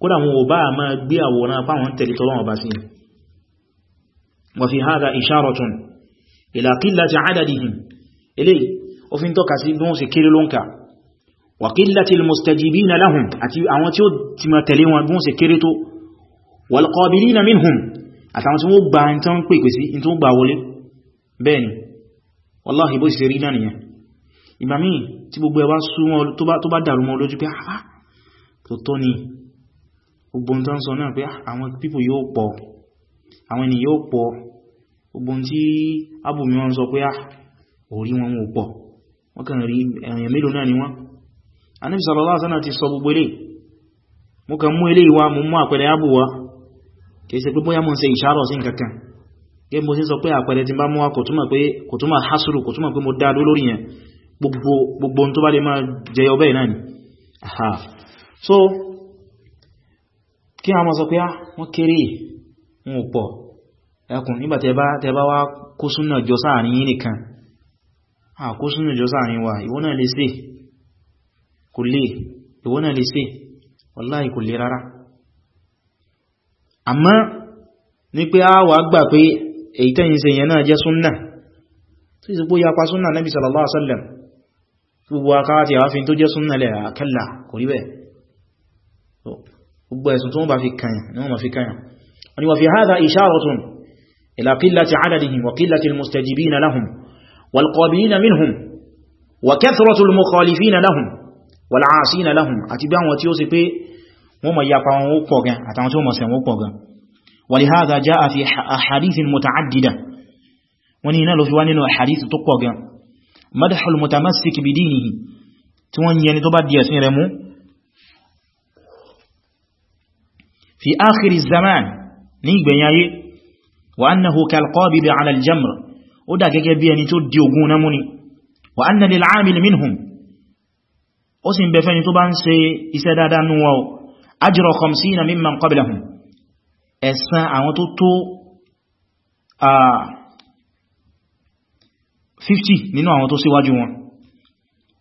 kódà wọn ò bá máa gbé àwòrán apá wọn tẹ̀lé tọ́lọ́wọ́ bá sí wa fi hadha isharatun àtàwọn tí wọ́n gba ní tán pèpè sí ní tó gbà wọlé bẹ́ẹ̀ni ya bó sì rí náà nìyàn ìgbà míì tí gbogbo ẹwà súnmọ́ tó bá dàrú mọ́ lójú pé àá ah, ah, tó tọ́ ni gbogbo tó ń sọ náà pé ah, àwọn pípò yóò pọ̀ sọ ya ti kìí ṣe pé bóyá mọ́ ṣe ìṣàrọ̀ sí nǹkankan gẹ́ mo sí sọ pé àpẹẹrẹ tí bá mú wá kò túnmà hasuru kò túnmà pé mo dáadó lórí yẹn gbogbo tó bá lè máa jẹyọ bẹ́ẹ̀ náà ni aha so kí a mọ́ sọ pé á ah, wọ́n kéré wọn ò pọ̀ ẹkùn nígbà tẹ bá wá kó súnà jọ sáàrin yìí nìkan àkó súnà wallahi kò lè àmọ́ ní pé a wà gbà pé èyí tẹ́yìn ṣe yẹn náà jẹ́ súnnà tó ìsìnkú ya pa súnnà Nabi sallallahu alaihi wasallam gbogbo akáwàtí àwáfin tó jẹ́ súnnà lẹ̀ àkẹ́là kò rí bẹ́ẹ̀ gbogbo ẹ̀sùn tó wọ́n bá fi kàyàn ni wọ́n ma fi kàyàn wọ́n ni wà fi hadha isharatun ila qillati wọ́n mọ̀ yapa wọn ó pọ̀ gan àtàwọn tí ó mọ̀ sẹ̀ wọ́n pọ̀ gan walihadha jaa fi ahadithin muta'addida wọ́n ni iná ló fi wá nínú ahadith tó pọ̀ gan madhul mutamassik bidinihi tí wọ́n yẹni tó bá di ẹ̀sìn rẹ̀ mú fi akhir zaman ní ìgbẹ̀yìn ayé ajra khamsina mimman qablahum ẹ̀san àwọn tó tó 50 nínú àwọn tó síwájú wọn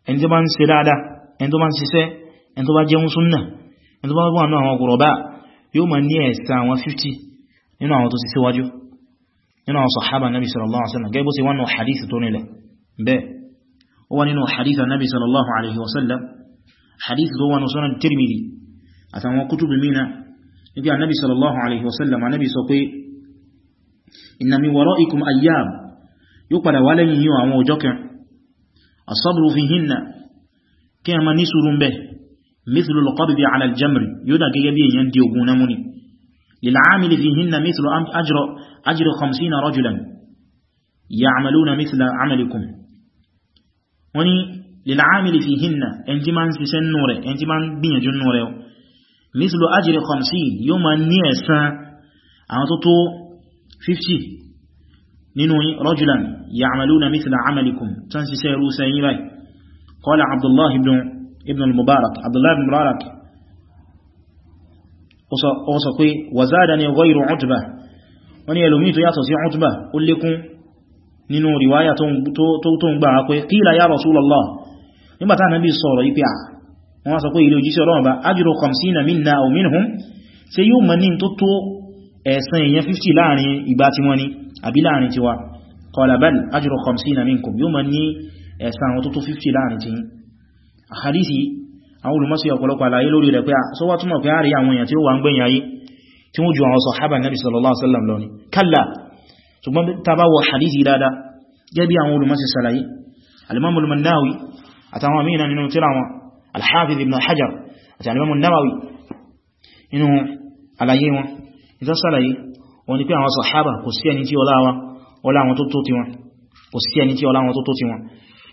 ẹni tó bá ń ṣe dáadáa ẹni tó bá ń ṣiṣẹ́ ẹni tó bá jẹun súnnà ẹni tó bá wọ́n àwọn ọkùnrọ̀bá yóò ma ní ẹ̀san àwọn 50 nínú àwọn tó síwájú nínú àwọn sahaba nabi sallallahu alaihi wasallam gẹ́gbó sí wọn nù hadith tó nílẹ̀ bẹ́ẹ̀ ó wá nínú hadith nabi sallallahu alaihi àtàwọn kútùbù mìíná nígbà anábi sallallahu alaihi wasallam anábi sọ pé inna min waraikum ayyam yóò padà wá lẹ́yìn yíò àwọn ọjọ́ kan asabru fihinna kí a ma ní sùúrù ń bẹ mithlu al-qabdi ala al-jamri yóò dà gẹ́gẹ́ bí èyàn di ogun námúni lil'amili fihinna mithlu ajri khamsina rajulan ya'maluna mithla amalikum wani lil'amili fihinna ẹn ti ma ń ṣiṣẹ́ nù rẹ̀ ẹn ma ń gbìyànjú nù rẹ̀ mislu ajri khamsin yóò ma ní ẹ̀san àwọn tó tó 50 nínú rajulan ya'maluna mithla amalikum tán sì sẹ́ irú sẹ́yìn báyìí qala abdullah ibn al-mubarak abdullah ibn mubarak ó sọ pé wa zadani ghayru utba wọ́n ni ẹlòmí tó yàtọ̀ sí utba ó lékún nínú riwaya tó ń gbà pé sọ̀rọ̀ yí wọ́n sọ pé ilé òjíṣẹ́ ọlọ́run bá ajúrò kọmsínà minna aw minhum ṣé yóò mọ̀ ní tó tó ẹ̀san èèyàn 50 láàrin ìgbà tí wọ́n ní àbí láàrin tiwa qala bal ajúrò kọmsínà minkum yóò mọ̀ ní ẹ̀san àwọn tó tó 50 láàrin tí àhàdìsí àwọn olùmọ́sí ọ̀pọ̀lọpọ̀ àlàyé lórí rẹ̀ pé ah, sọ wá túnmọ̀ pé àárí àwọn èèyàn tí ó wà ń gbẹ̀yìn ayé tí wọ́n ju àwọn sàhábà nàbì sallallahu al-Hafiz ibn al-Hajar àti al-Imam an-Nawawi inú àlàyé wọn ìtọ́ sàlàyé wọn ni pé àwọn sàhábà kò sí ẹni tí ọlá wọn tó tó ti wọn kò sí ẹni tí ọlá wọn tó tó ti wọn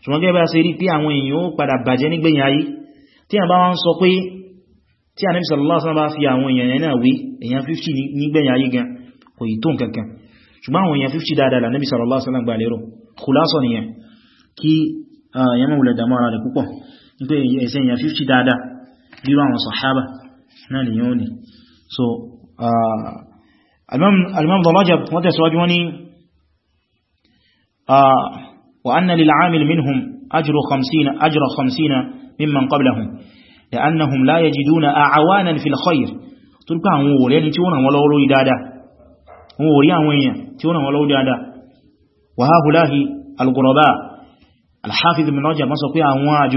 ṣùgbọ́n gẹ́gẹ́ bá ṣe rí pé àwọn èèyàn ó padà bàjẹ́ nígbẹ̀yìn ayé tí a bá wọ́n sọ pé tí a níbi sallallahu alaihi wasallam bá fi àwọn èèyàn náà wé èèyàn 50 pé ẹ̀sẹ̀ èyàn 50 dáadáa bírò àwọn sàhábà náà ni ní so alimam dalajab wọ́n tẹ̀síwájú wọ́n ni wa anna lil amil minhum ajru 50 ajra 50 mimman qablahum لأنهم لا يجدون أعوانا في الخير تلقى àwọn òrí ẹni tí ó ràn wọ́n lọ́wọ́ lórí dáadáa wọn òrí àwọn èèyàn tí ó ràn wọ́n lọ́wọ́ dáadáa wà háhùláhì Rajab ma sọ pé àwọn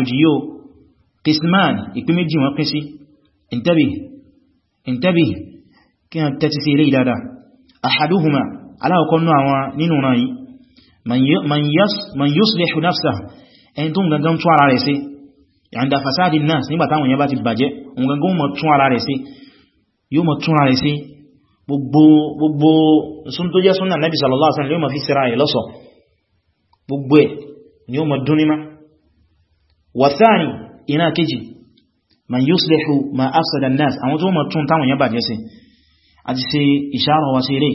kisman ìpín méjì wọ́n pín sí intabi intabi kí a tẹ́tí sí ilé ìdada ahaduhuma aláwọ̀kọ́nú àwọn nínú náà yìí man yuslihu nafsahu ẹni tó ń gangan tún ara rẹ̀ sí yàndà fasadi nas nígbàtà àwọn yẹn bá ti bàjẹ́ òun gangan mọ̀ tún ara rẹ̀ sí yóò mọ̀ tún ara rẹ̀ sí gbogbo sun iná kejì man yuslihu ma afsada an-nas àwọn tó mọ̀ tún táwọn yẹn bàjẹ́ sí àti ṣe ìṣàrọ̀ wa sí eré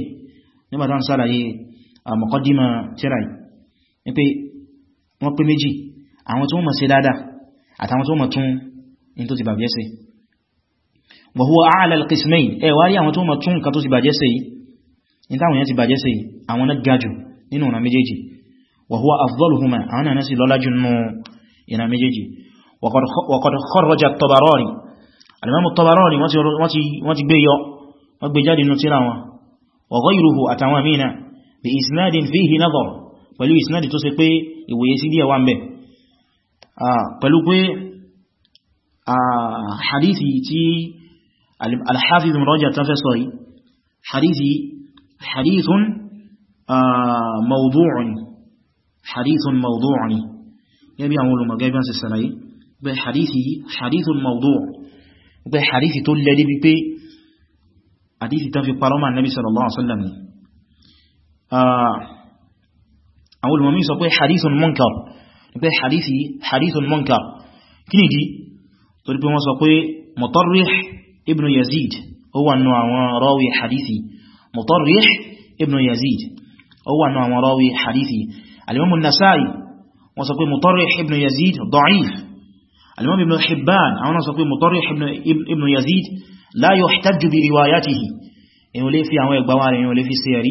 nígbàtà ń sàlàyé àmọ̀kọ́dímà tíráì ní pé wọ́n pé méjì àwọn tó mọ̀ sí dáadáa àtàwọn tó mọ̀ tún in tó ti bàjẹ́ sí wa huwa a'la al-qismayn ẹ wá rí àwọn tó mọ̀ tún nǹkan tó ti bàjẹ́ sí in táwọn yẹn ti bàjẹ́ sí àwọn náà gajù nínú ọ̀nà méjèèjì wa huwa وقد خرج الطبراني الإمام الطبراني ما تبيو وقبجاد النتلاوة وغيره أتوامين بإسناد فيه نظر pẹ̀lú ìsinádi tó ṣe pé ìwòye sí díẹ̀ wà ń bẹ̀ pẹ̀lú pé hadithi tí alhafiz mọ́rọ̀jà tán fẹ́ sọ yìí hadithi hadithun mawdu'un hadithun mawdu'un yẹ́bí àwọn olùmọ̀gẹ́gbẹ́ sí sàlàyé pé hadithi hadithun mawdu' pé hadithi tó lè débi pé hadithi tán fi parọ́ ma nabi sallallahu alaihi wasallam ni àwọn olùmọ̀mí sọ pé hadithun munkar pé hadithi hadithun munkar kí ni di torí pé wọ́n sọ pé Mutarrih ibn Yazid ó wà nù àwọn rawi hadithi Mutarrih ibn Yazid ó wà nù àwọn rawi hadithi al-Imam wọ́n sọ pé Mutarrih ibn Yazid da'if الإمام ابن الحبان عنا نصف مطرح ابن, ابن يزيد لا يحتج بروايته إنه ليه في عوائق بواري إنه ليه في سياري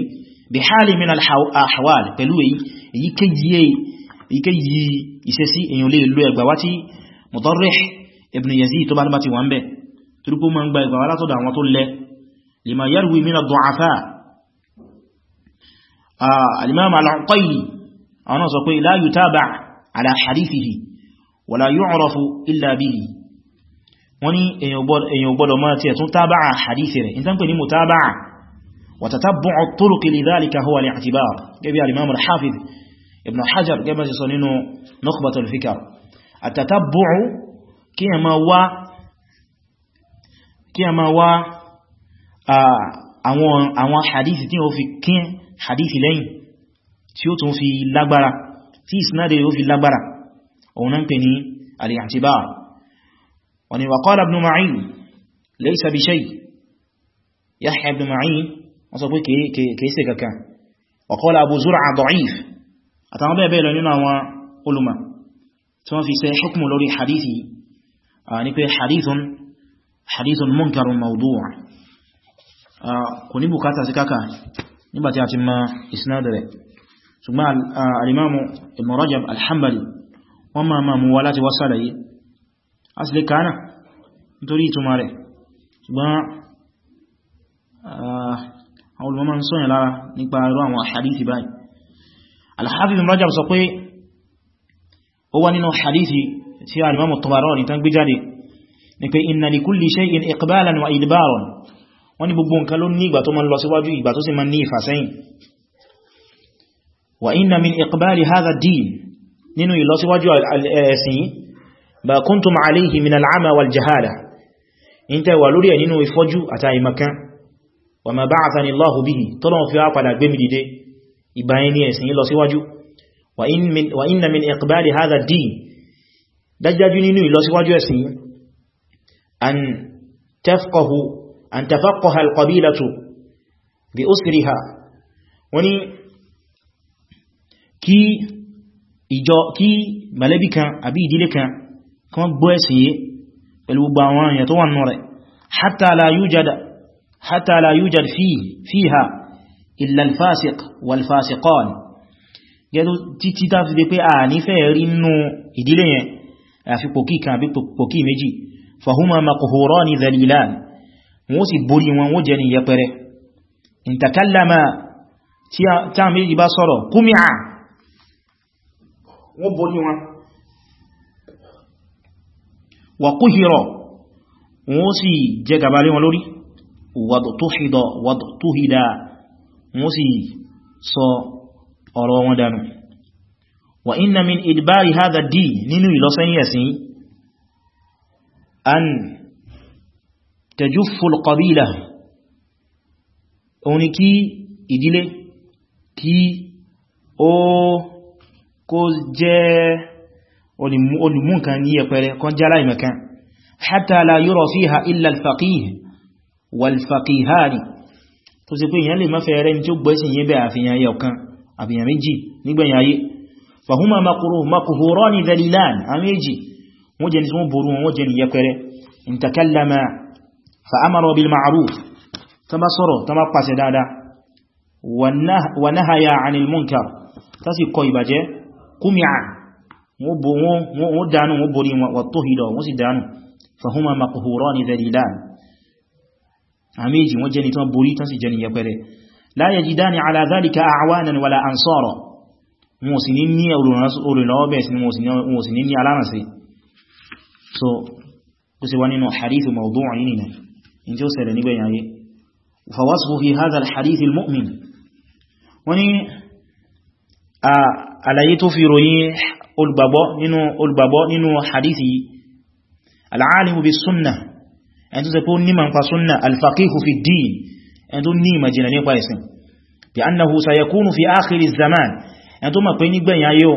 بحال من الأحوال بلوي يكيي يكيي يسيسي إنه ليه اللوية بواتي مطرح ابن يزيد طبعا ما تيوان به تركوا من بواري بواري دعوة الله لما يروي من الضعفاء آه الإمام العقيلي عنا نصف لا يتابع على حديثه wala yu'rafu illa bihi wọ́n ní èyàn gbọ́dọ̀ máa ti ẹ̀tún tábàá hadithi rẹ̀ in tán pè ní mutaba'a wa tatabbu'u turuqi lidhalika huwa al-i'tibar gẹ́gẹ́ al-imam al-hafiz ibn hajar gẹ́gẹ́ bá ṣe sọ nínú nukhbatul fikr at-tatabbu'u kí a máa wá kí a máa tí ó tún fi lágbára tí ìsinádẹ̀ ó fi lágbára òun náà pè ní al-i'tibar wọ́n ni wa qala ibn Ma'in laysa bi shay Yahya ibn Ma'in wọ́n sọ pé kèése kankan wa qala Abu Zur'a da'if àtàwọn bẹ́ẹ̀ bẹ́ẹ̀ lọ nínú àwọn ulama tí wọ́n fi ṣe hukmu lórí hadithi ní pé hadithun hadithun munkarun mawdu' kò ní bukata sí kaka nígbàtí a ti ma isnadare ṣùgbọ́n al-imamu Ibn Rajab al wọ́n máa máa mú wá láti wá sàlàyé a sì lè kánà nítorí ìtumà rẹ̀ ṣùgbọ́n ah, àwọn olùmọ́mọ́ ń sọ́yìn lára nípa irú àwọn hadithi báyìí al-Hafiz ibn Rajab sọ pé ó wá nínú hadithi tí a al-Imam at-Tabarani tán gbé jáde ni pé inna li kulli shay'in iqbalan wa idbaran wọ́n ní gbogbo nǹkan ló ní ìgbà tó máa lọ síwájú ìgbà tó sì máa ní ìfàsẹ́yìn wa inna min iqbali hadha ad nínú ìlọsíwájú eh, ẹ̀sìn bá kuntum alayhi min al'ama wal jahala in tẹ́ wà lórí ẹ̀ nínú ìfọ́jú àtàìmọ̀kan wa ma ba'athani Allahu bihi tọ́lọ̀ fi wá padà gbé mi dìde ìbáyẹni ẹ̀sìn ìlọsíwájú wa inna min iqbali hadha ad-din dájájú nínú ìlọsíwájú ẹ̀sìn an tafqahu an tafaqaha al ìjọ kí mọ̀lẹ́bí kan àbí ìdílé kan kan gbọ́ ẹ̀sìn yé pẹ̀lú gbogbo àwọn èèyàn tó wà nù rẹ̀ hatta la yujad hatta la yujad fiha illa al-fasiq wal-fasiqan gẹ́dọ̀ títí tá fi dé pé a nífẹ́ rí nú ìdílé yẹn àfi pòkí kan àbí pòkí méjì fahuma maqhurani dhalilan wọ́n sì borí wọn wọ́n jẹ́ ni yẹpẹrẹ in tí a méjì bá sọ̀rọ̀ kumi'a wọ́n borí wọn wàkúhìrọ̀ wọ́n sì jẹ gàbà lé wọn lórí wàdùtúhìdà wọ́n sì sọ ọ̀rọ̀ wọn dànù wà inna min idbari hadha dì nínú ìlọ́sẹ́yìn ẹ̀sìn kó jẹ́ olùmú nǹkan ní ẹpẹrẹ kan jẹ́ aláìmọ̀kan hatta la yura fiha illa al-faqih wal-faqihani tó sì pé èyàn lè mọ́fẹ́ rẹ̀ tí ó gbẹ́sìn yẹ́ bẹ́ àfihàn yẹ ọ̀kan àfihàn méjì nígbẹ̀yìn ayé fahuma makuhurani dhalilan àméjì wọ́n jẹ́ ni tí wọ́n ború wọn jẹ́ ni yẹpẹrẹ in takallama fa amara bil ma'ruf ta ma sọ̀rọ̀ ta wa nahaya anil munkar ta sì kọ ìbàjẹ́ kúmíà wọ́n dánú wọ́n borí wọ́n tó hìdọ̀ wọ́n sì dánú fahuma makuhura ni zalilan àmìjì wọ́n jẹni tán borí tán sì jẹni yẹpẹrẹ la yajidani ala zalika a'wanan wala ansara wọn sì ní ní olùrànlọ́wọ́ bẹ̀ẹ̀ sí wọn sì ní ní alárànsí so kò sí wá nínú hadithu mawdu'un yìí nìna in tí àlàyé tó fi ròyìn olùgbàgbọ́ nínú olùgbàgbọ́ nínú hadithi al'alihu bi sunna ẹni tó tẹ́kọ́ ní ma ń pa sunna alfaqihu fi din ẹni tó ní ìmàjìnà nípa ìsìn bí annahu sayakunu fi akhiri zaman ẹni tó ma pẹ́ nígbẹ̀yìn ayé o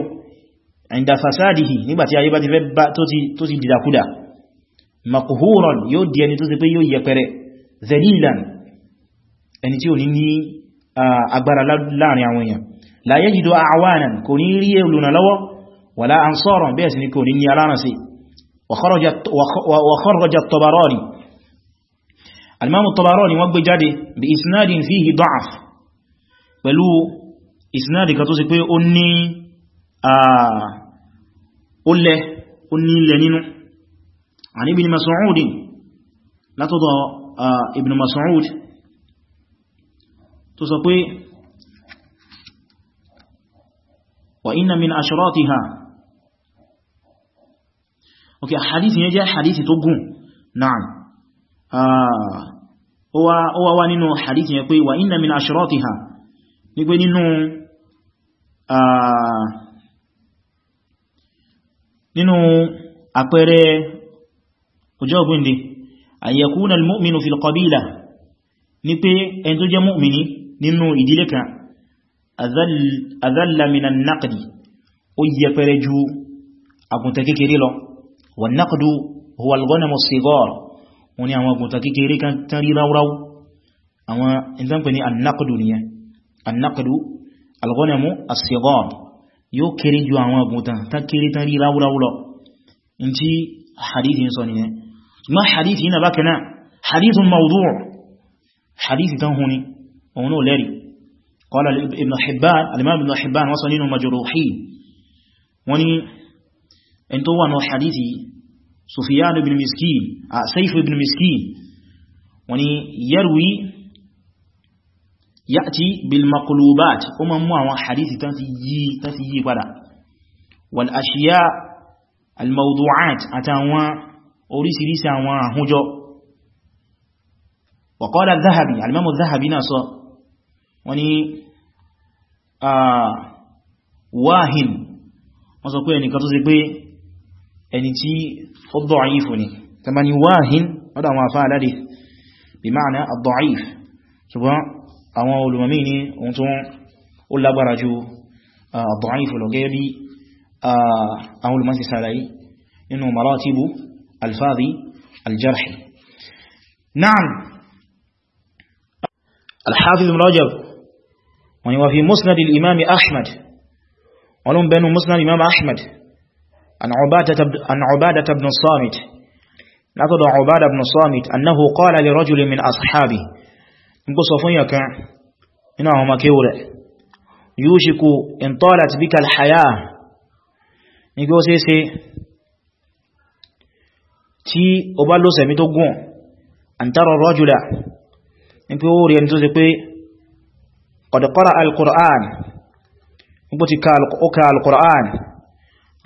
ẹ̀ndà fasadihi nígbàtí ayé ẹni agbára láàrin àwọn èèyàn la yajidu a'wanan kò ní rí olùrànlọ́wọ́ wala ansaran bẹ́ẹ̀ sì ni kò ní ní alára sí wa kharaja at-Tabarani al-Imam at-Tabarani wọ́n gbé jáde bí isnadin fihi da'af pẹ̀lú isnadi kan tó sì pé ó ní ọlẹ́ ó ní ilẹ̀ nínú عن ابن مسعود لا تضع ابن مسعود تسقي وإن من أشراطها أوكي حديث يجي حديث تقوم نعم هو هو هو نينو حديث يقول وإن من أشراطها يقول نينو آه nínú àpẹẹrẹ ọjọ́ ọ̀gbìndì àyẹ̀kún al-mu'minu fil qabila ní pé ẹni tó jẹ́ mu'mini nínú ìdílé kan azalla minan naqdi ó yẹpẹrẹ ju àgùntàn kékeré lọ wà naqdu huwa al-ghanamu as-sighar wọ́n ní àwọn àgùntàn kékeré kan tán rí ráúráú àwọn ìdánpẹ̀ ní annaqdu nìyẹn annaqdu al-ghanamu as-sighar yóò kéré ju àwọn àgùntàn tán kéré tán rí ráúráú lọ in tí hadithi ń sọ nìyẹn ma hadithi yìí bákanáà hadithun mawdu' hadithi tán hun òun náà lẹ́rìí قال ابن حبان الإمام ابن حبان وصل مجروحين وني انتوا نو حديث سفيان بن مسكين آه، سيف بن مسكين وني يروي يأتي بالمقلوبات أمم حديث تنتيجي تنتيجي بدا والأشياء الموضوعات أتاوا أوريس ريسا وهجو وقال الذهبي الإمام الذهبي نصر wọ́n ni wáhìn wọ́n sọ pé ẹnìkan tó ṣe pé ẹni tí ó dọ̀ífù ni tàbí ni wáhìn ọdá àwọn afá aládé bí ma'ana ad-da'if ṣùgbọ́n àwọn olùmọ̀mí ni ohun tó ó lágbára ju ad-da'ifu wọ́n wá fi musnad al-imam ahmad wọ́n lọ́n bẹnu musnad imam ahmad an ubadata ibn samit látọ̀dọ̀ ubada ibn samit annahu qala li rajulin min ashabi n kò sọ fún yakan nínú àwọn makewu rẹ̀ yushiku in talat bika al-haya ni gbé ó sí sí tí ó bá lọ́sẹ̀mí tó gùn an tara rajula ni pé ó rí ẹni tó sì pé قد قرأ القرآن أكى القرآن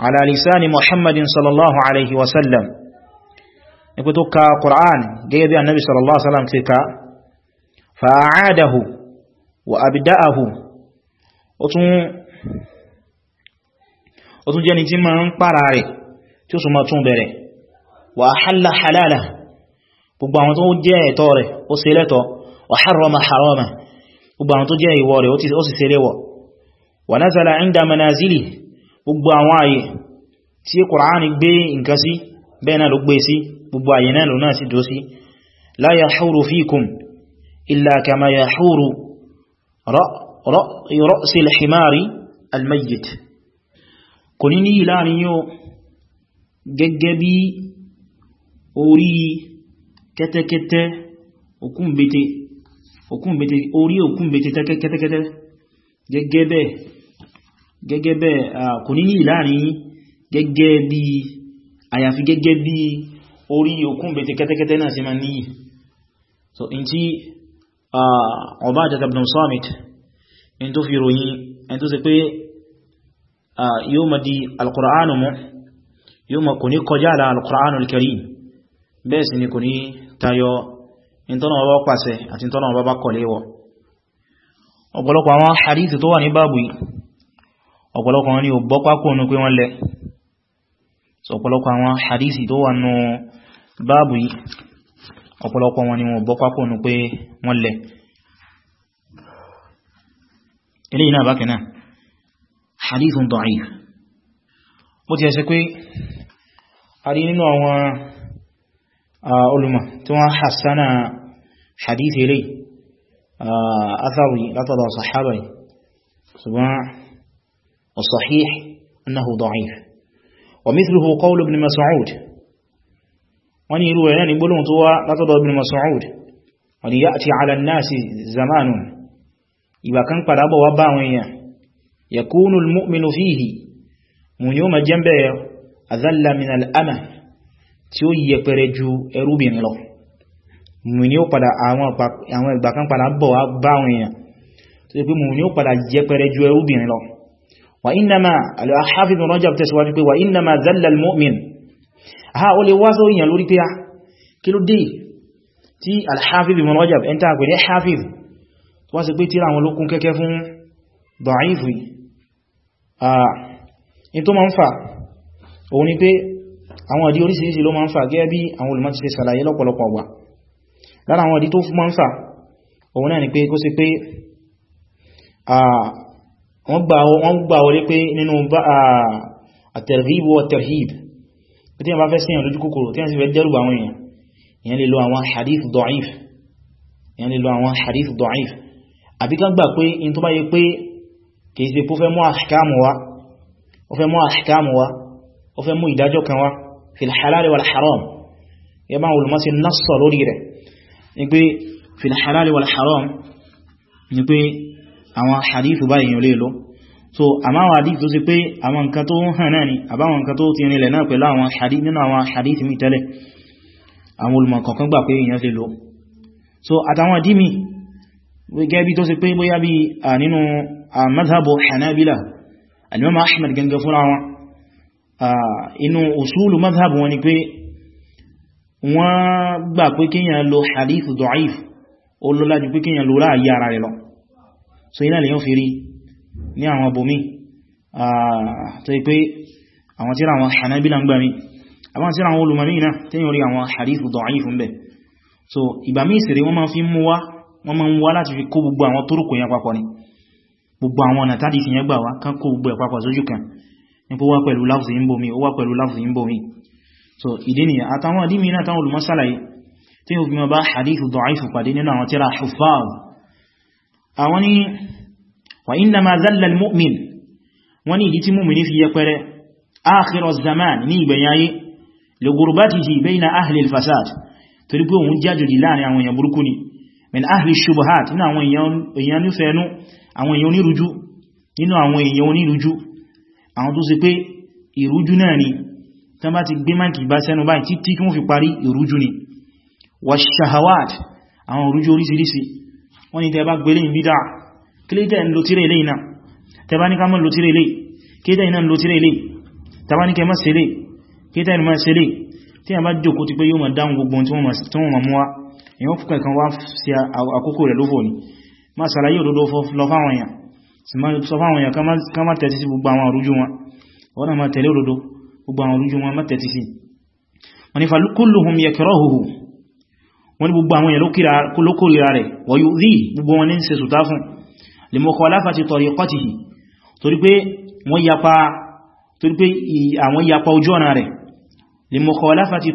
على لسان محمد صلى الله عليه وسلم أكى القرآن جاء النبي صلى الله عليه وسلم تكى فأعاده وأبدأه أتون جاني جمع قراري تسمى تنبري وأحل حلاله gbogbo àwọn tó jẹ́ ẹ̀tọ́ rẹ̀ ó ṣe lẹ́tọ̀ wa harrama gbogbo àwọn tó jẹ́ ìwọ̀ rẹ̀ ó sì sẹ́lẹ̀wọ̀ wà nazala inda manazili gbogbo àwọn ààyè tí Kùránì gbé nǹkan sí bẹ́ẹ̀ náà ló gbé e sí gbogbo ààyè náà ló náà sì dó sí la yahuru fikum illa kama orí òkun bètè kẹ́tẹ́kẹ́tẹ́ gẹ́gẹ́ bẹ́ẹ̀ gẹ́gẹ́ bẹ́ẹ̀ kò ní yìí láàrin gẹ́gẹ́ bí àyàfi gẹ́gẹ́ bí orí òkun bètè kẹ́tẹ́kẹ́tẹ́ náà sí ma níyì so in tí ọba àjẹta ibn Samit in tó fi ròyìn in tó sì pé yóò ma di alkùránù mọ́ yóò ma kò ní kọjá ni kò ní ìtọ́nà ọba pàṣẹ àti ìtọ́nà ọba bá kọ̀ léwọ̀ ọ̀pọ̀lọpọ̀ àwọn hadith tó wà ní báàbù yìí ọ̀pọ̀lọpọ̀ wọn ni ò bọ́pákò ní pé wọ́n lẹ ọ̀pọ̀lọpọ̀ àwọn hadith tó wà ní báàbù yìí ọ̀pọ̀lọpọ̀ wọn ni wọ́n bọ́pákò ní pé wọ́n lẹ ilé iná bákan náà hadithun da'if bó ti ẹsẹ pé a rí nínú àwọn ah, olùmọ̀ tí wọ́n hassana حديث لي آه، أثري أثر صحابي سبع الصحيح أنه ضعيف ومثله قول ابن مسعود وني رويان بلون طوى أثر ابن مسعود وني يأتي على الناس زمان إذا كان قد أبو أباوية يكون المؤمن فيه من يوم جنبه أذل من الأمة تيوي يبرجو أروبين الله mùmìnì ó padà àwọn ìgbà kan padà bọ̀ wá bá àwọn èèyàn tó yẹ pé mùmìnì ó padà yẹpẹrẹ ju ẹrúbìnrin lọ wà innama al-Hafiz Rajab tẹ̀síwájú pé wà innama zallal mu'min ha o lè wá sórí yàn lórí pé a ah, kí ló dé al-Hafiz Rajab ẹn tàà pè ní Hafiz tó wá sí pé tíra àwọn olókun kẹ́kẹ́ fún dọ̀áìfì in tó ma ń fà òun ni pe, àwọn àdí orísìírísìí ló ma ń fà gẹ́gẹ́ bí àwọn olùmọ́ ti ṣe sàlàyé lára àwọn ìdí tó fún mọ́ǹfà òun náà ni pé kó sí pé wọ́n gbà wọlé pé nínú at-targhib wa at-tarhib pé tí wọ́n bá fẹ́ sí ìyànlójú kòkòrò tí wọ́n sì fẹ́ dẹ́rù àwọn èèyàn ìyẹn lè lo àwọn hadith da'if ìyẹn lè lo àwọn hadith da'if àbí kan gbà pé in tó bá yẹ pé kìí ní pé fil halal wal haram ní pé àwọn hadith báyìí yóò lè lọ so àmá àwọn hadith tó sì pé àwọn nǹkan tó hàn náà ni àbáwọn nǹkan tó ti rinlẹ̀ náà pẹ̀lú àwọn hadith nínú àwọn hadith mi tẹ́lẹ̀ àwọn olùmọ̀kọ̀kan gbà pé èèyàn lè so àtàwọn dí mi gẹ́gẹ́ bí tó sì pé bóyá bí nínú madhabu hanabila alimama ahmed gangan fúnra wọn inú usulu madhabu wọn ni pé wọ́n gbà pé kíyàn lo hadith da'if ó lọ lájú pé kíyàn lo láàyí ara rẹ̀ lọ so iná lè yàn fi rí ní àwọn abomi tó yí pé àwọn tíra àwọn hanabila ń gbà mí àwọn tíra àwọn olùmọ̀mí iná tí yàn rí àwọn hadith da'if ń bẹ̀ so ìgbà mí ìsẹ̀rẹ̀ wọ́n máa fi mú wá wọ́n máa ń wá láti fi kó gbogbo àwọn tórókò yẹn papọ̀ ni gbogbo àwọn ọ̀nà tàbí fi yẹn gbà wá kán kó gbogbo ẹ̀ papọ̀ sójú kan nípa wá pẹ̀lú láfùsí ń bomi ó wá pẹ̀lú láfùsí ń bomi so ìdí ni àtàwọn àdí mìíràn táwọn olùmọ́sálàyé tí ó fi mọ́ bá hadithu da'ifu pàdé nínú àwọn tíra huffaz àwọn ni wa inna ma zalla al-mu'min wọ́n ni ìdí tí mu'mini fi yẹpẹrẹ akhiro zaman ní ìgbẹ̀yàyé li gurbatihi bayna ahli al-fasad torí pé òun jájòjì láàrin àwọn tán bá ti gbé máìkì bá sẹ́nu báyìí títí kí wọ́n fi parí ìrújú ni wà ṣahawad àwọn ìrújú oríṣiríṣi wọ́n ni tẹba gbélé ní bídá kílẹ̀tẹ̀ ń lo tíré ilé iná tẹba ní ká mọ́ lo tíré ilé kílẹ̀tẹ̀ iná ń lo tíré ilé tẹba ní kẹmọ́ sílé kílẹ̀tẹ̀ iná sílé tí a bá jòkó ti pé yóò máa dáhùn gbogbo àwọn olújú wọn mẹ́tẹ̀ ti sí wọ́n ni kulluhum yakrahuhu wọ́n ni gbogbo àwọn èèyàn lókòrìra rẹ̀ wa yu'dhi gbogbo wọn ní ṣe sùtá fún li mukhalafati tariqatihi torí pé wọ́n yapa torí pé àwọn yapa ojú ọ̀nà rẹ̀ li mukhalafati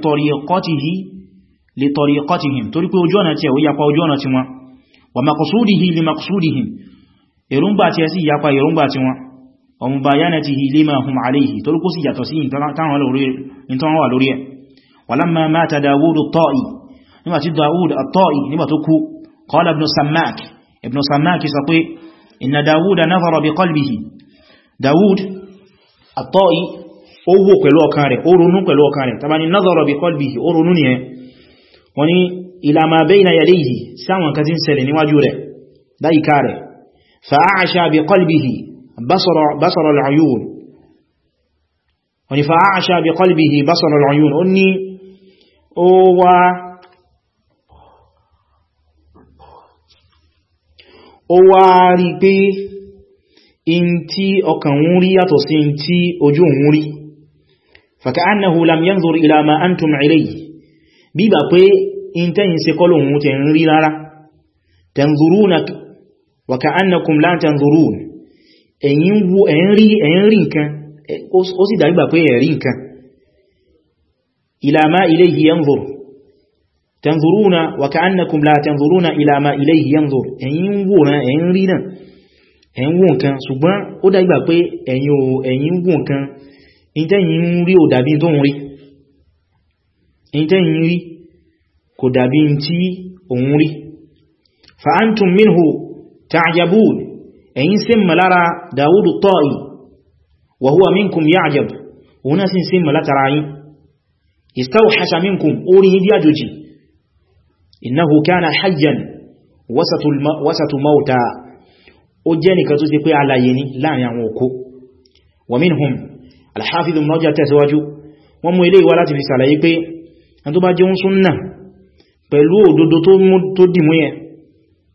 ọmọ bayanatihi lima hum alayhi torí kó sì yàtọ̀ sí ìtàn wà lórí ẹ̀ walamma mata dawud at-ta'i nígbà tí dawud at-ta'i nígbà tó kú qala ibn sammak ibn sammak sọ pé inna dawud nadhara bi qalbihi dawud at-ta'i ó wò pẹ̀lú ọkàn rẹ̀ ó ronú pẹ̀lú ọkàn rẹ̀ tàbí basara al'ayun wani fa'asha bi qalbihi basara al'ayun ó ní ó wá ó wá rí pé in tí ọkàn ń rí yàtọ̀ sí in tí ojú ń rí faka'annahu lam yanzur ila ma antum ilayhi bí bà pé in tẹ́yìn ṣe kọ́ lóhun tẹ̀ ń rí rárá tanzuruna wa ka'annakum la tanzurun ẹ̀yin wo ẹ̀rí ẹ̀rí nǹkan ó sì dàgbà pé ẹ̀rí nǹkan ìlàmá ilé yìí yanzur tanzuruna wa ka'annakum la tanzuruna ìlàmá ilé yìí yanzur ẹ̀yin wo náà ẹ̀yin rí náà ẹ̀yin wo nǹkan ṣùgbọ́n ó dàgbà pé wo nǹkan ìtẹ́yìn rí ẹ̀yin sí mọ̀lára dáwùdù tọ́ì wa huwa minkum ya'jab òun náà sí sí mọ̀látara yìí istawhasha minkum orí yìí àjòjì innahu kana hayyan wasatu mauta ó jẹ́ nìkan tó ti pé alaye ní láàrin àwọn òkú wa minhum alhafidu mọ́já tẹ̀síwájú wọ́n mú ilé ìwá láti fi sàlàyé pé ẹn tó pẹ̀lú òdodo tó dìmú yẹn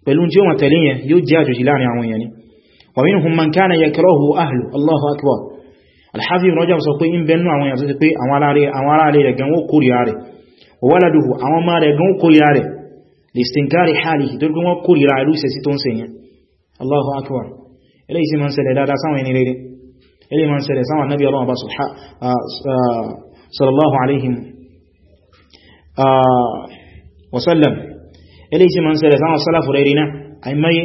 pẹ̀lú tí ó wọ̀n tẹ̀lé yẹn yóò jẹ́ àjòjì láàrin àwọn èèyàn ni ومنهم من كان يكرهه أهله الله أكبر الحافظ رجب sọ pé in benu àwọn yan sọ pé àwọn ara rẹ̀ àwọn ara rẹ̀ gan wo kori are waladuhu àwọn ma rẹ̀ gan kori are listinkari halihi to gan wo kori are lu se si ton se yan Allahu akbar ele isi man ṣẹlẹ̀ dada ah, ah, ah, sawon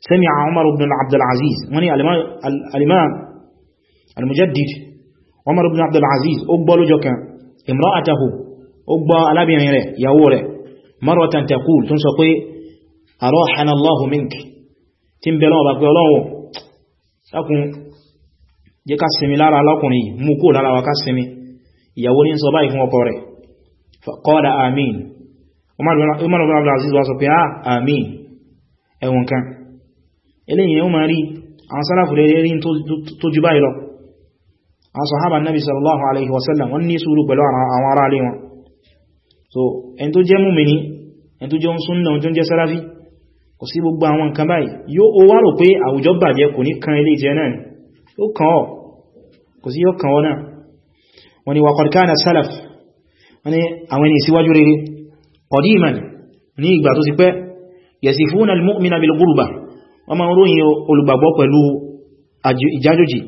سمع عمر بن عبد العزيز وني الإمام المجدد عمر بن عبد العزيز أقبل جوكا امرأته أقبل على بيميره يوره مرة تقول تنسقي أراحنا الله منك تنبلا بقى الله أكون jẹ́ ká sinmi lára alákùnrin mú kó lára wa ká sinmi ìyàwó ní sọ báyìí fún ọkọ rẹ̀ kọ́ọ̀dá amin Umar ibn ẹ̀wọ̀n kan eléyìn yóò máa rí àwọn sálàfù lè rí tó jù báyìí lọ àwọn sàhábà nábi sallallahu alaihi wasallam wọ́n ní sùúrù pẹ̀lú àwọn ará alé wọn so ẹni tó jẹ́ múmini ẹni tó jẹ́ ń súnnà tó jẹ́ sálàfí kò sí gbogbo àwọn nǹkan báyìí yóò o wá rò pé àwùjọ bàjẹ́ kò ní kan ilé jẹ náà yóò kàn ọ́ kò sí yóò kàn ọ́ náà wọ́n ni waqad kana salaf wọ́n ni àwọn ẹni ìsíwájú rere qadiman ní ìgbà tó ti pẹ́ yasifuna al-mu'mina bil-ghurba wọ́n máa ń ròyìn olùgbàgbọ́ pẹ̀lú ìjájòjì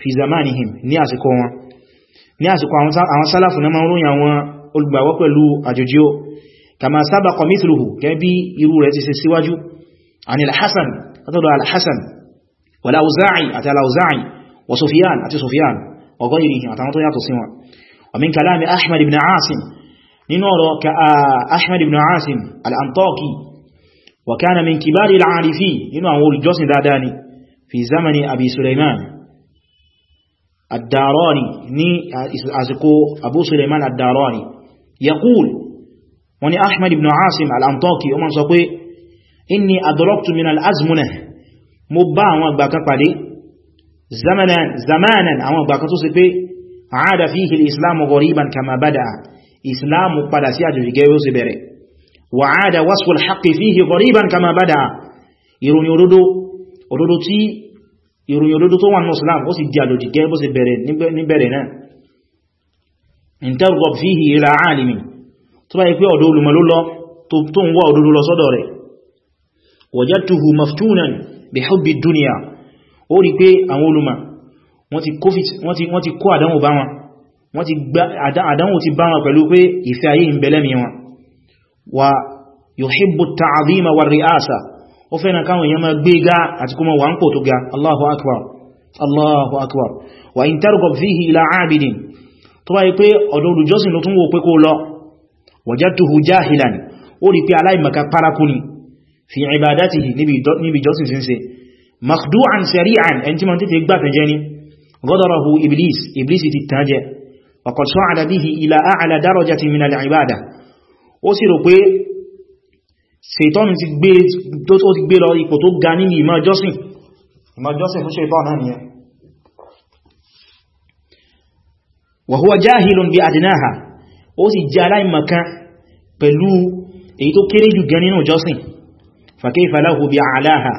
fi zamanihim ní àsìkò wọn ní àsìkò àwọn sálàfù náà máa ń ròyìn àwọn olùgbàgbọ́ pẹ̀lú àjòjì ó kama sabaqa mithluhu gẹ́gẹ́ bí irú rẹ̀ ti وكان من كبار العارفين إنه أقول جوسن داداني في زمن أبي سليمان الداراني ني أزكو أبو سليمان الداراني يقول وني أحمد بن عاصم الأنطاكي ومن سقوي إني أدركت من الأزمنة مبا وأبا كفالي زمنا زمانا أو أبا كتوسي عاد فيه الإسلام غريبا كما بدأ إسلام قد سياج في جيوسي بره وعاد وصف الحق فيه غريبا كما بدا ìròyìn òdodo òdodo tí ìròyìn òdodo tó wà ní islam ó sì di àlòdì gẹ́ bó sì bẹ̀rẹ̀ níbẹ̀rẹ̀ náà in targob fihi ila alimi tó bá yí pé ọ̀dọ̀ olùmọ̀ ló lọ tó ń wá òdodo lọ sọ́dọ̀ rẹ̀ wajadtuhu maftunan bi hubbi dunya ó rí wa yuhibbu ta'zima wa ri'asa ó fẹ́ na káwọn èèyàn máa gbé ga àti kuma wà ń pò tó ga Allahu akbar Allahu akbar wa in targab fihi ila abidin tó bá yí pé ọ̀dọ̀ olùjọ́sìn ló tún wò pé kó lọ wajadtuhu jahilan ó rí pé aláìmọ̀ká paraku ni fi ibadatihi níbi jọ́sìn fi ń ṣe makhdu'an sari'an ẹni tí ma tètè gbà tẹ̀jẹ́ ni ghadarahu iblis iblis ti tàn jẹ wa qad sa'ala ila a'la darajati min al-ibada ó sì rò pé ṣètọ́nù ti gbé lọ ipò tó ga nínú ìmọ̀ jọ́sìn ìmọ̀ jọ́sìn fún ṣètọ́ náà nìyẹn wa huwa jahilun bí adnaha ó sì jẹ́ aláìmọ̀kan pẹ̀lú èyí tó kéré jù gan nínú jọ́sìn fa kayfa lahu bí a'laha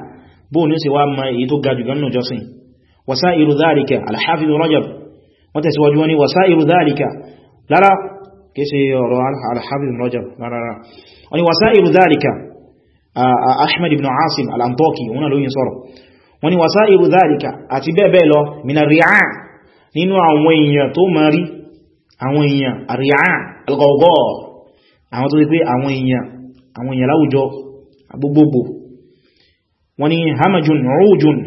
bó ní ṣe wá ma èyí tó ga jù gan nínú jọ́sìn wasairu dhalika al-hafiz Rajab wọ́n tẹ̀síwájú wọn ni wasairu dhalika lára kése ọ̀rọ̀ alhafiz rajab rárá wani wasa'ilu dhalika ahmad ibn asim al-antoki wọn na lóyin sọ́rọ̀ wani wasa'ilu dhalika àti bẹ́ẹ̀bẹ́ẹ̀ lọ mina ri'a nínú àwọn èèyàn tó ma rí àwọn èèyàn ri'a algọ́gọ́ àwọn tó ti pé àwọn èèyàn àwọn èèyàn láwùjọ agbogbogbò wani hamajun rujun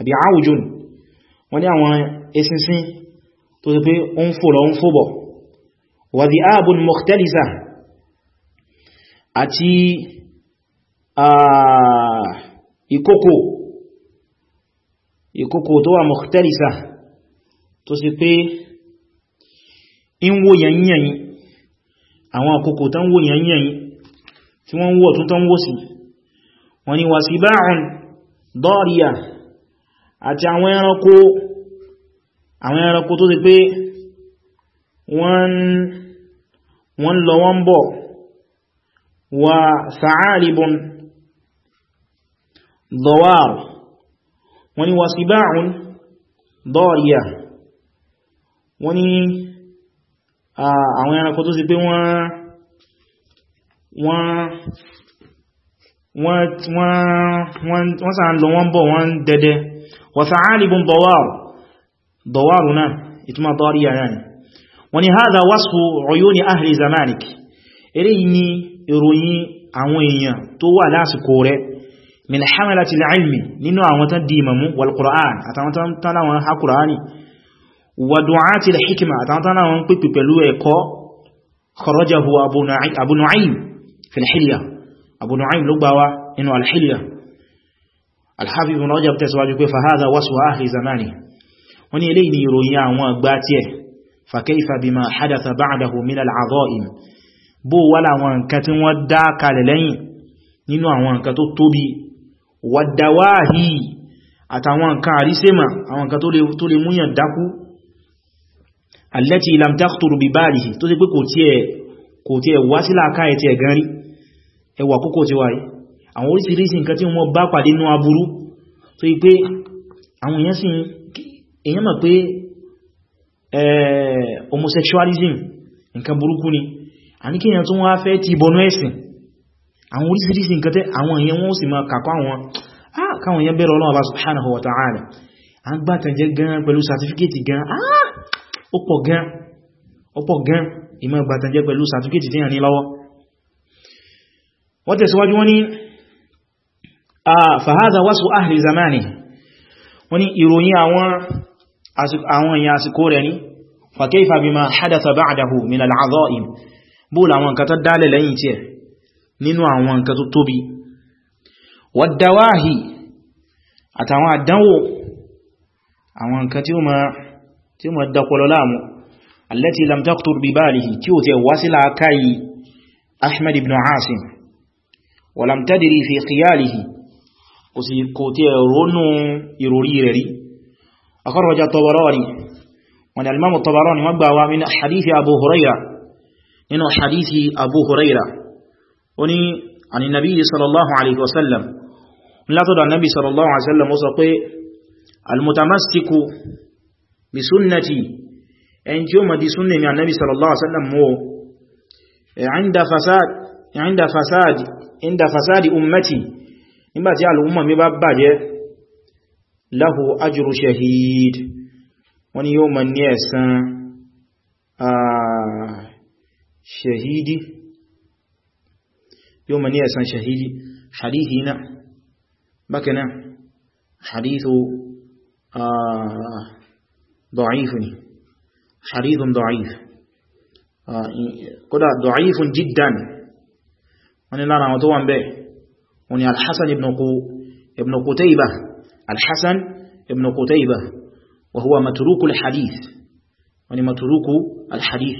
àbí aujun wani وذئاب مختلسة àti ìkókò ìkókò tó wà mọ̀kítẹ́lìsà tó sì pé in wo yanyanyi àwọn àkókò tán wo yanyanyi tí wọ́n wọ́ tún tán wó sí wọ́n ni wà sí báhùn dọ́ríyà àti àwọn ẹranko àwọn ẹranko tó sì pé wọ́n wọ́n lọ wọ́n bọ̀ wà sa'aribun dawar wọ́n ni wà siba'un dọ́ọ̀yà wọ́n ni àwọn ẹranko tó sì pé wọ́n sáà lọ wọ́n bọ̀ wọ́n dẹ̀dẹ̀ wà sa'aribun dawar náà ìtumọ̀ dọ́ọ̀yà náà wọ́n ni haza wasfu uyuni ahli zamanik eléyìí ni ìròyìn àwọn èèyàn tó wà lásìkò rẹ̀ min hamalati al-ilmi nínú àwọn tán di imamu wal qur'an àtàwọn tán tán àwọn ha qur'ani wa du'ati al-hikma àtàwọn tán àwọn pípì pẹ̀lú ẹ̀kọ́ kharajahu abu nu'aym fi al-hilya abu nu'aym ló gbà wá nínú al-hilya al ibn rajab tẹ̀síwájú pé fa haza wasfu ahli zamani wọ́n ni ni ìròyìn àwọn àgbà tiẹ̀ فكيف بما حدث بعده من العظائم bó wà láwọn nǹkan tí wọ́n dá kalẹ̀ lẹ́yìn nínú àwọn nǹkan tó tóbi wàdáwáhì àtàwọn nǹkan àrísẹ́mà àwọn nǹkan tó lè múyàn dákú allati lam taqtur bi balihi tó ṣe pé kò tí ẹ̀ wá sí láàká ẹ̀ tí ẹ̀ gan rí bá Eh, homosexualism nkan burúkú ni a ní kíyàn tó wọ́n fẹ́ ti ìbọnú ẹ̀sìn àwọn orísìírísì nǹkan tẹ́ àwọn èèyàn wọ́n sì máa kàkọ́ àwọn ah, káwọn èèyàn bẹ̀rẹ̀ Ọlọ́run Ọba subhanahu wa ta'ala a ń gbátẹ̀jẹ́ gan pẹ̀lú satifiketi gan ah, ó pọ̀ gan ó pọ̀ gan ìmọ̀ àwọn èèyàn àsìkò rẹ̀ ní fàkẹ́fà bí ma hadatha ba'dahu min al'adha'im bóòlù àwọn nǹkan tó dálẹ̀ lẹ́yìn tí ẹ̀ nínú àwọn nǹkan tó tóbi wàdáwáhì àtàwọn àdánwò àwọn nǹkan tí ó ma dákọlọ láàmú allati lam taqtur bi balihi tí ó tẹ wá sí làákàyí ahmed أخرج الطبراني وأن الإمام الطبراني مبعوى من حديث أبو هريرة إنه حديث أبو هريرة وني عن النبي صلى الله عليه وسلم لا تدع النبي صلى الله عليه وسلم وصفه المتمسك بسنتي أن جوم دي سنة من النبي صلى الله عليه وسلم هو عند فساد عند فساد عند فساد أمتي إما تيال أمة مبابا جيه lahu ajru shahid wani yóò ma ní ẹ̀san a shahidi yóò ma ní ẹ̀san shahidi hadithi na bakana hadithu a da'if ni hadithun da'if kódà da'ifun jiddan wani lára àwọn tó wà ń bẹ́ wani alhassan ibn Qutaybah الحسن ابن قتيبة وهو متروك الحديث وني متروك الحديث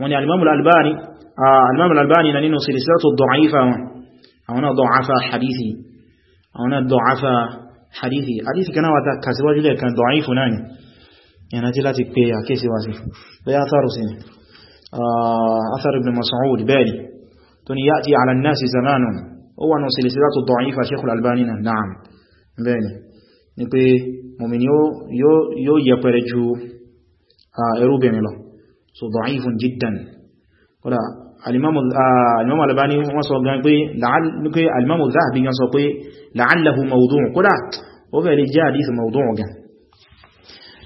وني الإمام الألباني آه الإمام الألباني لأنه سلسلته الضعيفة أونا ضعف حديثي أونا ضعف حديثي حديث كان وذا كسوا جل كان ضعيف ناني يعني أجل تبيع كيسي واسي بيع أثار سين آه أثر ابن مسعود بالي تني يأتي على الناس زمان هو أنه سلسلته الضعيفة شيخ الألباني نعم bẹ́ẹ̀ni ni pé mọ̀mìnì yóò yẹpẹrẹ ju ẹrúbìnrin lọ so da'ifun jiddan kódà al-imam al-albani wọ́n sọ gan pé al-imam al-zahabi gan sọ pé la'allahu mawdu'un kódà ó fẹ́ lè jẹ́ hadith mawdu'un gan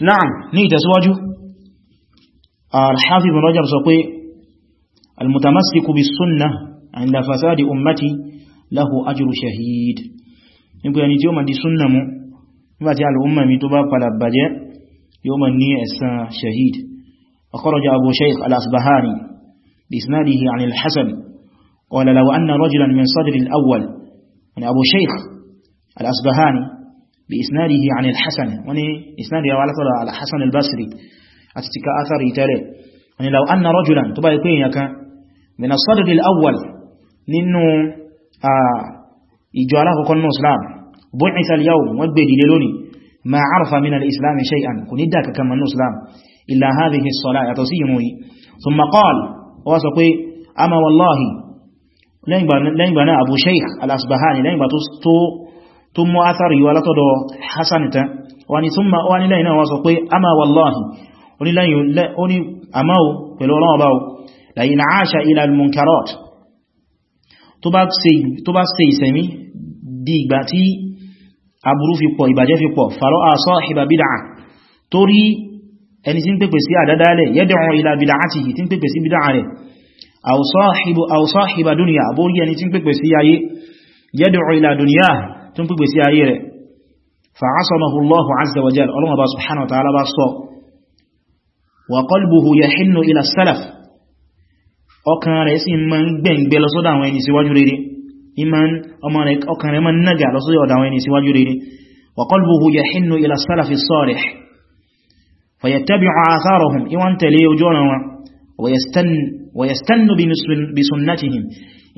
na'am ní ìtẹ̀síwájú al-hafiz ibn rajab sọ pé al-mutamassiku bis nígbé ẹni tí ó ma di súnnà mú nígbàtí al'umma mi tó bá padà bàjẹ́ yóò ma ní ẹ̀san shahid akọ́rọjá abu shaykh al'asbahani bí isnadihi an al-hassan qala law anna rajulan min sadr al-awwal wani abu shaykh al'asbahani bí isnadihi an al-hassan wani isnadi ya walatar al-hassan al-basri a ti cika athari tare wani law anna rajulan tó bá ikú yin yaka min sadr awwal nínú ah, ìjọ alákọ̀ọ́kọ́ náà islam بعث اليوم وبدي للوني ما عرف من الإسلام شيئا كندك كما الإسلام إلا هذه الصلاة تصيمه ثم قال واسقي أما والله لين بنا أبو شيخ الأصبهاني لين بتستو ثم أثري ولا تدو حسنة واني ثم واني لين واسقي أما والله وني لين وني أماو pẹ̀lú ọlọ́run báwo لئن عاش إلى المنكرات tó bá ṣe ìsẹ̀mí di ìgbà tí aburú fi pọ̀ ìbàjẹ́ fi pọ̀ fàrọ́ àṣọ ìbà bídà torí ẹni tí ń pèpè sí àdádálẹ̀ yẹ́dẹ̀rún ìlà bídà àti tí ń pèpè sí bídà rẹ̀ àwọ̀sọ́ ìbà dúnìyà àbórí ẹni tí ń pèpè sí ayé yẹ́dẹ̀rún ìlà dúnìyà tó ń pèpè sí ayé rẹ̀ fa'asamahu Allahu azza wa iman ọmọ rẹ̀ ọkàn rẹ̀ ma ń nága lọ sórí ọ̀dàwọn ẹni síwájú rere wa qalbuhu yahinnu ila salafi salih fayattabi'u atharahum iwọn tẹ̀lé ojú ọ̀nà wọn wa yastannu bi sunnatihim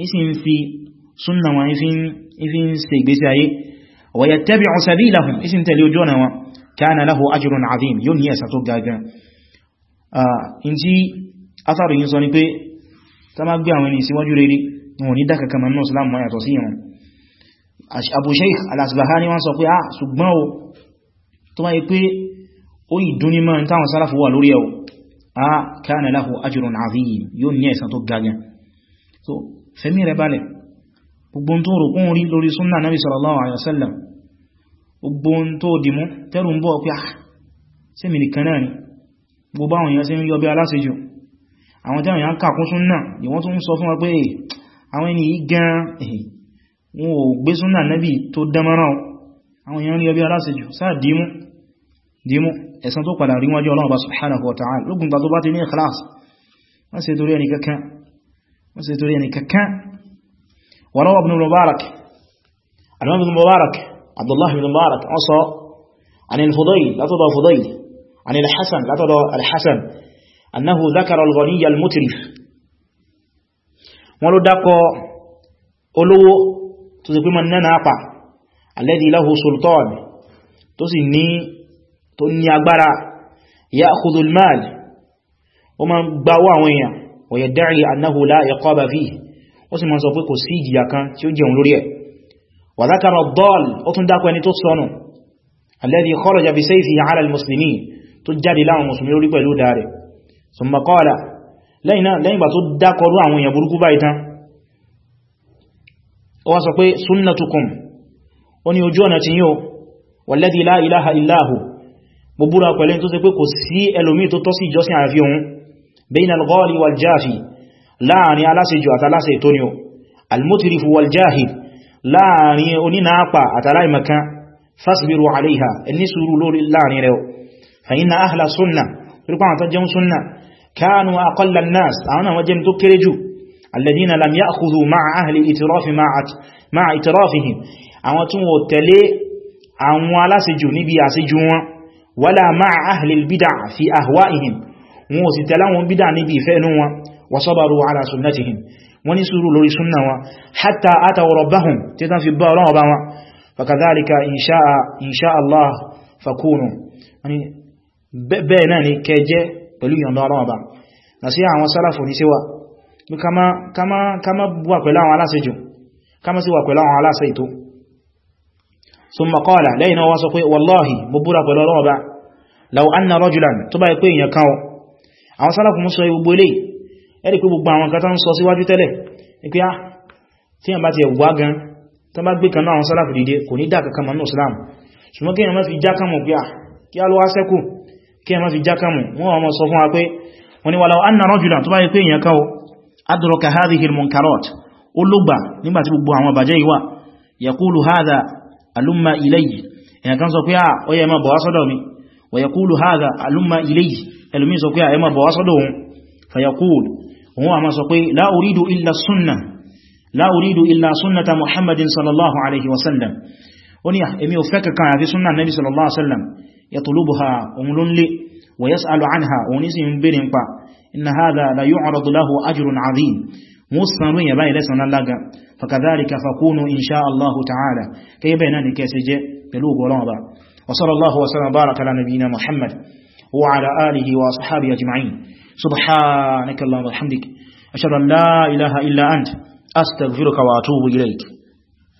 isi n fi sunna wọn ifi n ṣe ìgbésí ayé wa rere wọn ní dákà kan mẹ́nu islam wọ́n yàtọ̀ sí ìrùn Abu Shaykh al-Asbahani wọ́n sọ pé a ah, ṣùgbọ́n o tó máa yí pé ó ìdúnni mọ́ táwọn sálàfù wà lórí ẹ̀wọ̀ a ah, kana lahu ajrun azim yóò ní ẹ̀san tó gagan so fẹ́mí rẹ̀ balẹ̀ gbogbo tó rò kún rí lórí súnnà nabi sallallahu alaihi wasallam gbogbo tó dìmú tẹ́rù àwọn ẹni gan wọn ò gbé súnà nẹ́bì tó dẹ́mọ́ràn àwọn èèyàn rí ọbí aláṣẹ́jù sáà dímú dímú ẹ̀san tó padà rí wájú Ọlọ́run subhanahu wa ta'ala lógun gbà tó bá ti ní ikhlas wọ́n ṣe torí ẹni kankan wọ́n ṣe torí ẹni kankan wa rawa ibn Mubarak al ibn Mubarak Abdullah ibn Mubarak ọsọ عن الفضيل لا تضع فضيل عن الحسن لا تضع الحسن أنه ذكر الغني المترف wọ́n ló dákọ olówó tó sì pé mọ̀ nánà àpà alladhi lahu sultan tó sì ní tó ní agbára ya'khudhu al-mal ó ma gbáwọ́ àwọn èèyàn wa yadda'i annahu la iqaba fihi ó sì ma sọ pé kò sí ìjìyà kan tí ó jẹun lórí ẹ̀ wa dhakara ad ó tún dákọ ẹni tó sọnù alladhi kharaja bi sayfihi lẹ́yìnbà tó dákọrú àwọn èèyàn burúkú báyìí tán ó wá sọ pé sunnatukum ó ní ojú ọ̀nà tí yíò walladhi la ilaha illahu mo búra pẹ̀lẹ́ tó ṣe pé kò sí ẹlòmí tó tọ́ sí ìjọsìn àyàfi òun bayna al-ghali wal-jafi láàrin aláṣejù àtàláṣe ìtóníò al-mutrifu wal-jahil láàrin onínáàpà àtàláìmọ̀kan fasbiru كانوا أقل الناس أنا وجن تكرجوا الذين لم يأخذوا مع أهل الاتراف مع مع اترافهم أو تنو تلي أو لا سجو نبي أسجو ولا مع أهل البدع في أهوائهم وستلام بدع نبي فإنوا وصبروا على سنتهم ونسروا لوري سنة حتى أتوا ربهم تتن في الضالة فكذلك إن شاء, إن شاء الله فكونوا يعني بينا كجه pẹ̀lú ìyọ̀ndọ́ ọlọ́ọ̀bá na sí àwọn sálàfò ní síwá kama wà pẹ̀lú àwọn aláṣẹ jù kama sí wà pẹ̀lú àwọn aláṣẹ ìtò sun makọ́ọ̀lá lẹ́yìn wọ́n sọ pé wallahi búbúra pẹ̀lú ọlọ́ọ̀bá law anna rajulan tó bá ikú èèyàn kan àwọn sálàfò mú sọ gbogbo ilé ẹ̀rì pé gbogbo àwọn kan tán sọ síwájú tẹ́lẹ̀ pé ah, ah, á tí kí yàn lọ́wọ́ sẹ́kù kí a má fi jákàmù wọ́n wọ́n sọ fún wa pé wọ́n ni walau anna rajulan tó bá yí pé èyàn káwọ́ adraka hadhihi al-munkarat ó lógbà nígbàtí gbogbo àwọn bàjẹ́ ìwà yaqulu hadha alumma ilayhi èyàn kan sọ pé à ah, ó yẹ má bọ̀ wá sọ́dọ̀ mi wa yaqulu hadha alumma ilayhi يطلبها لي ويسأل عنها ونسي برنقا إن هذا لا يعرض له أجر عظيم مصنو يباي لسنا لغا فكذلك فكونوا إن شاء الله تعالى كي بيناني كيسجي بلوغ ولغبا وصلى الله وسلم وبارك على نبينا محمد وعلى آله وأصحابه أجمعين سبحانك اللهم وبحمدك أشهد أن لا إله إلا أنت أستغفرك وأتوب إليك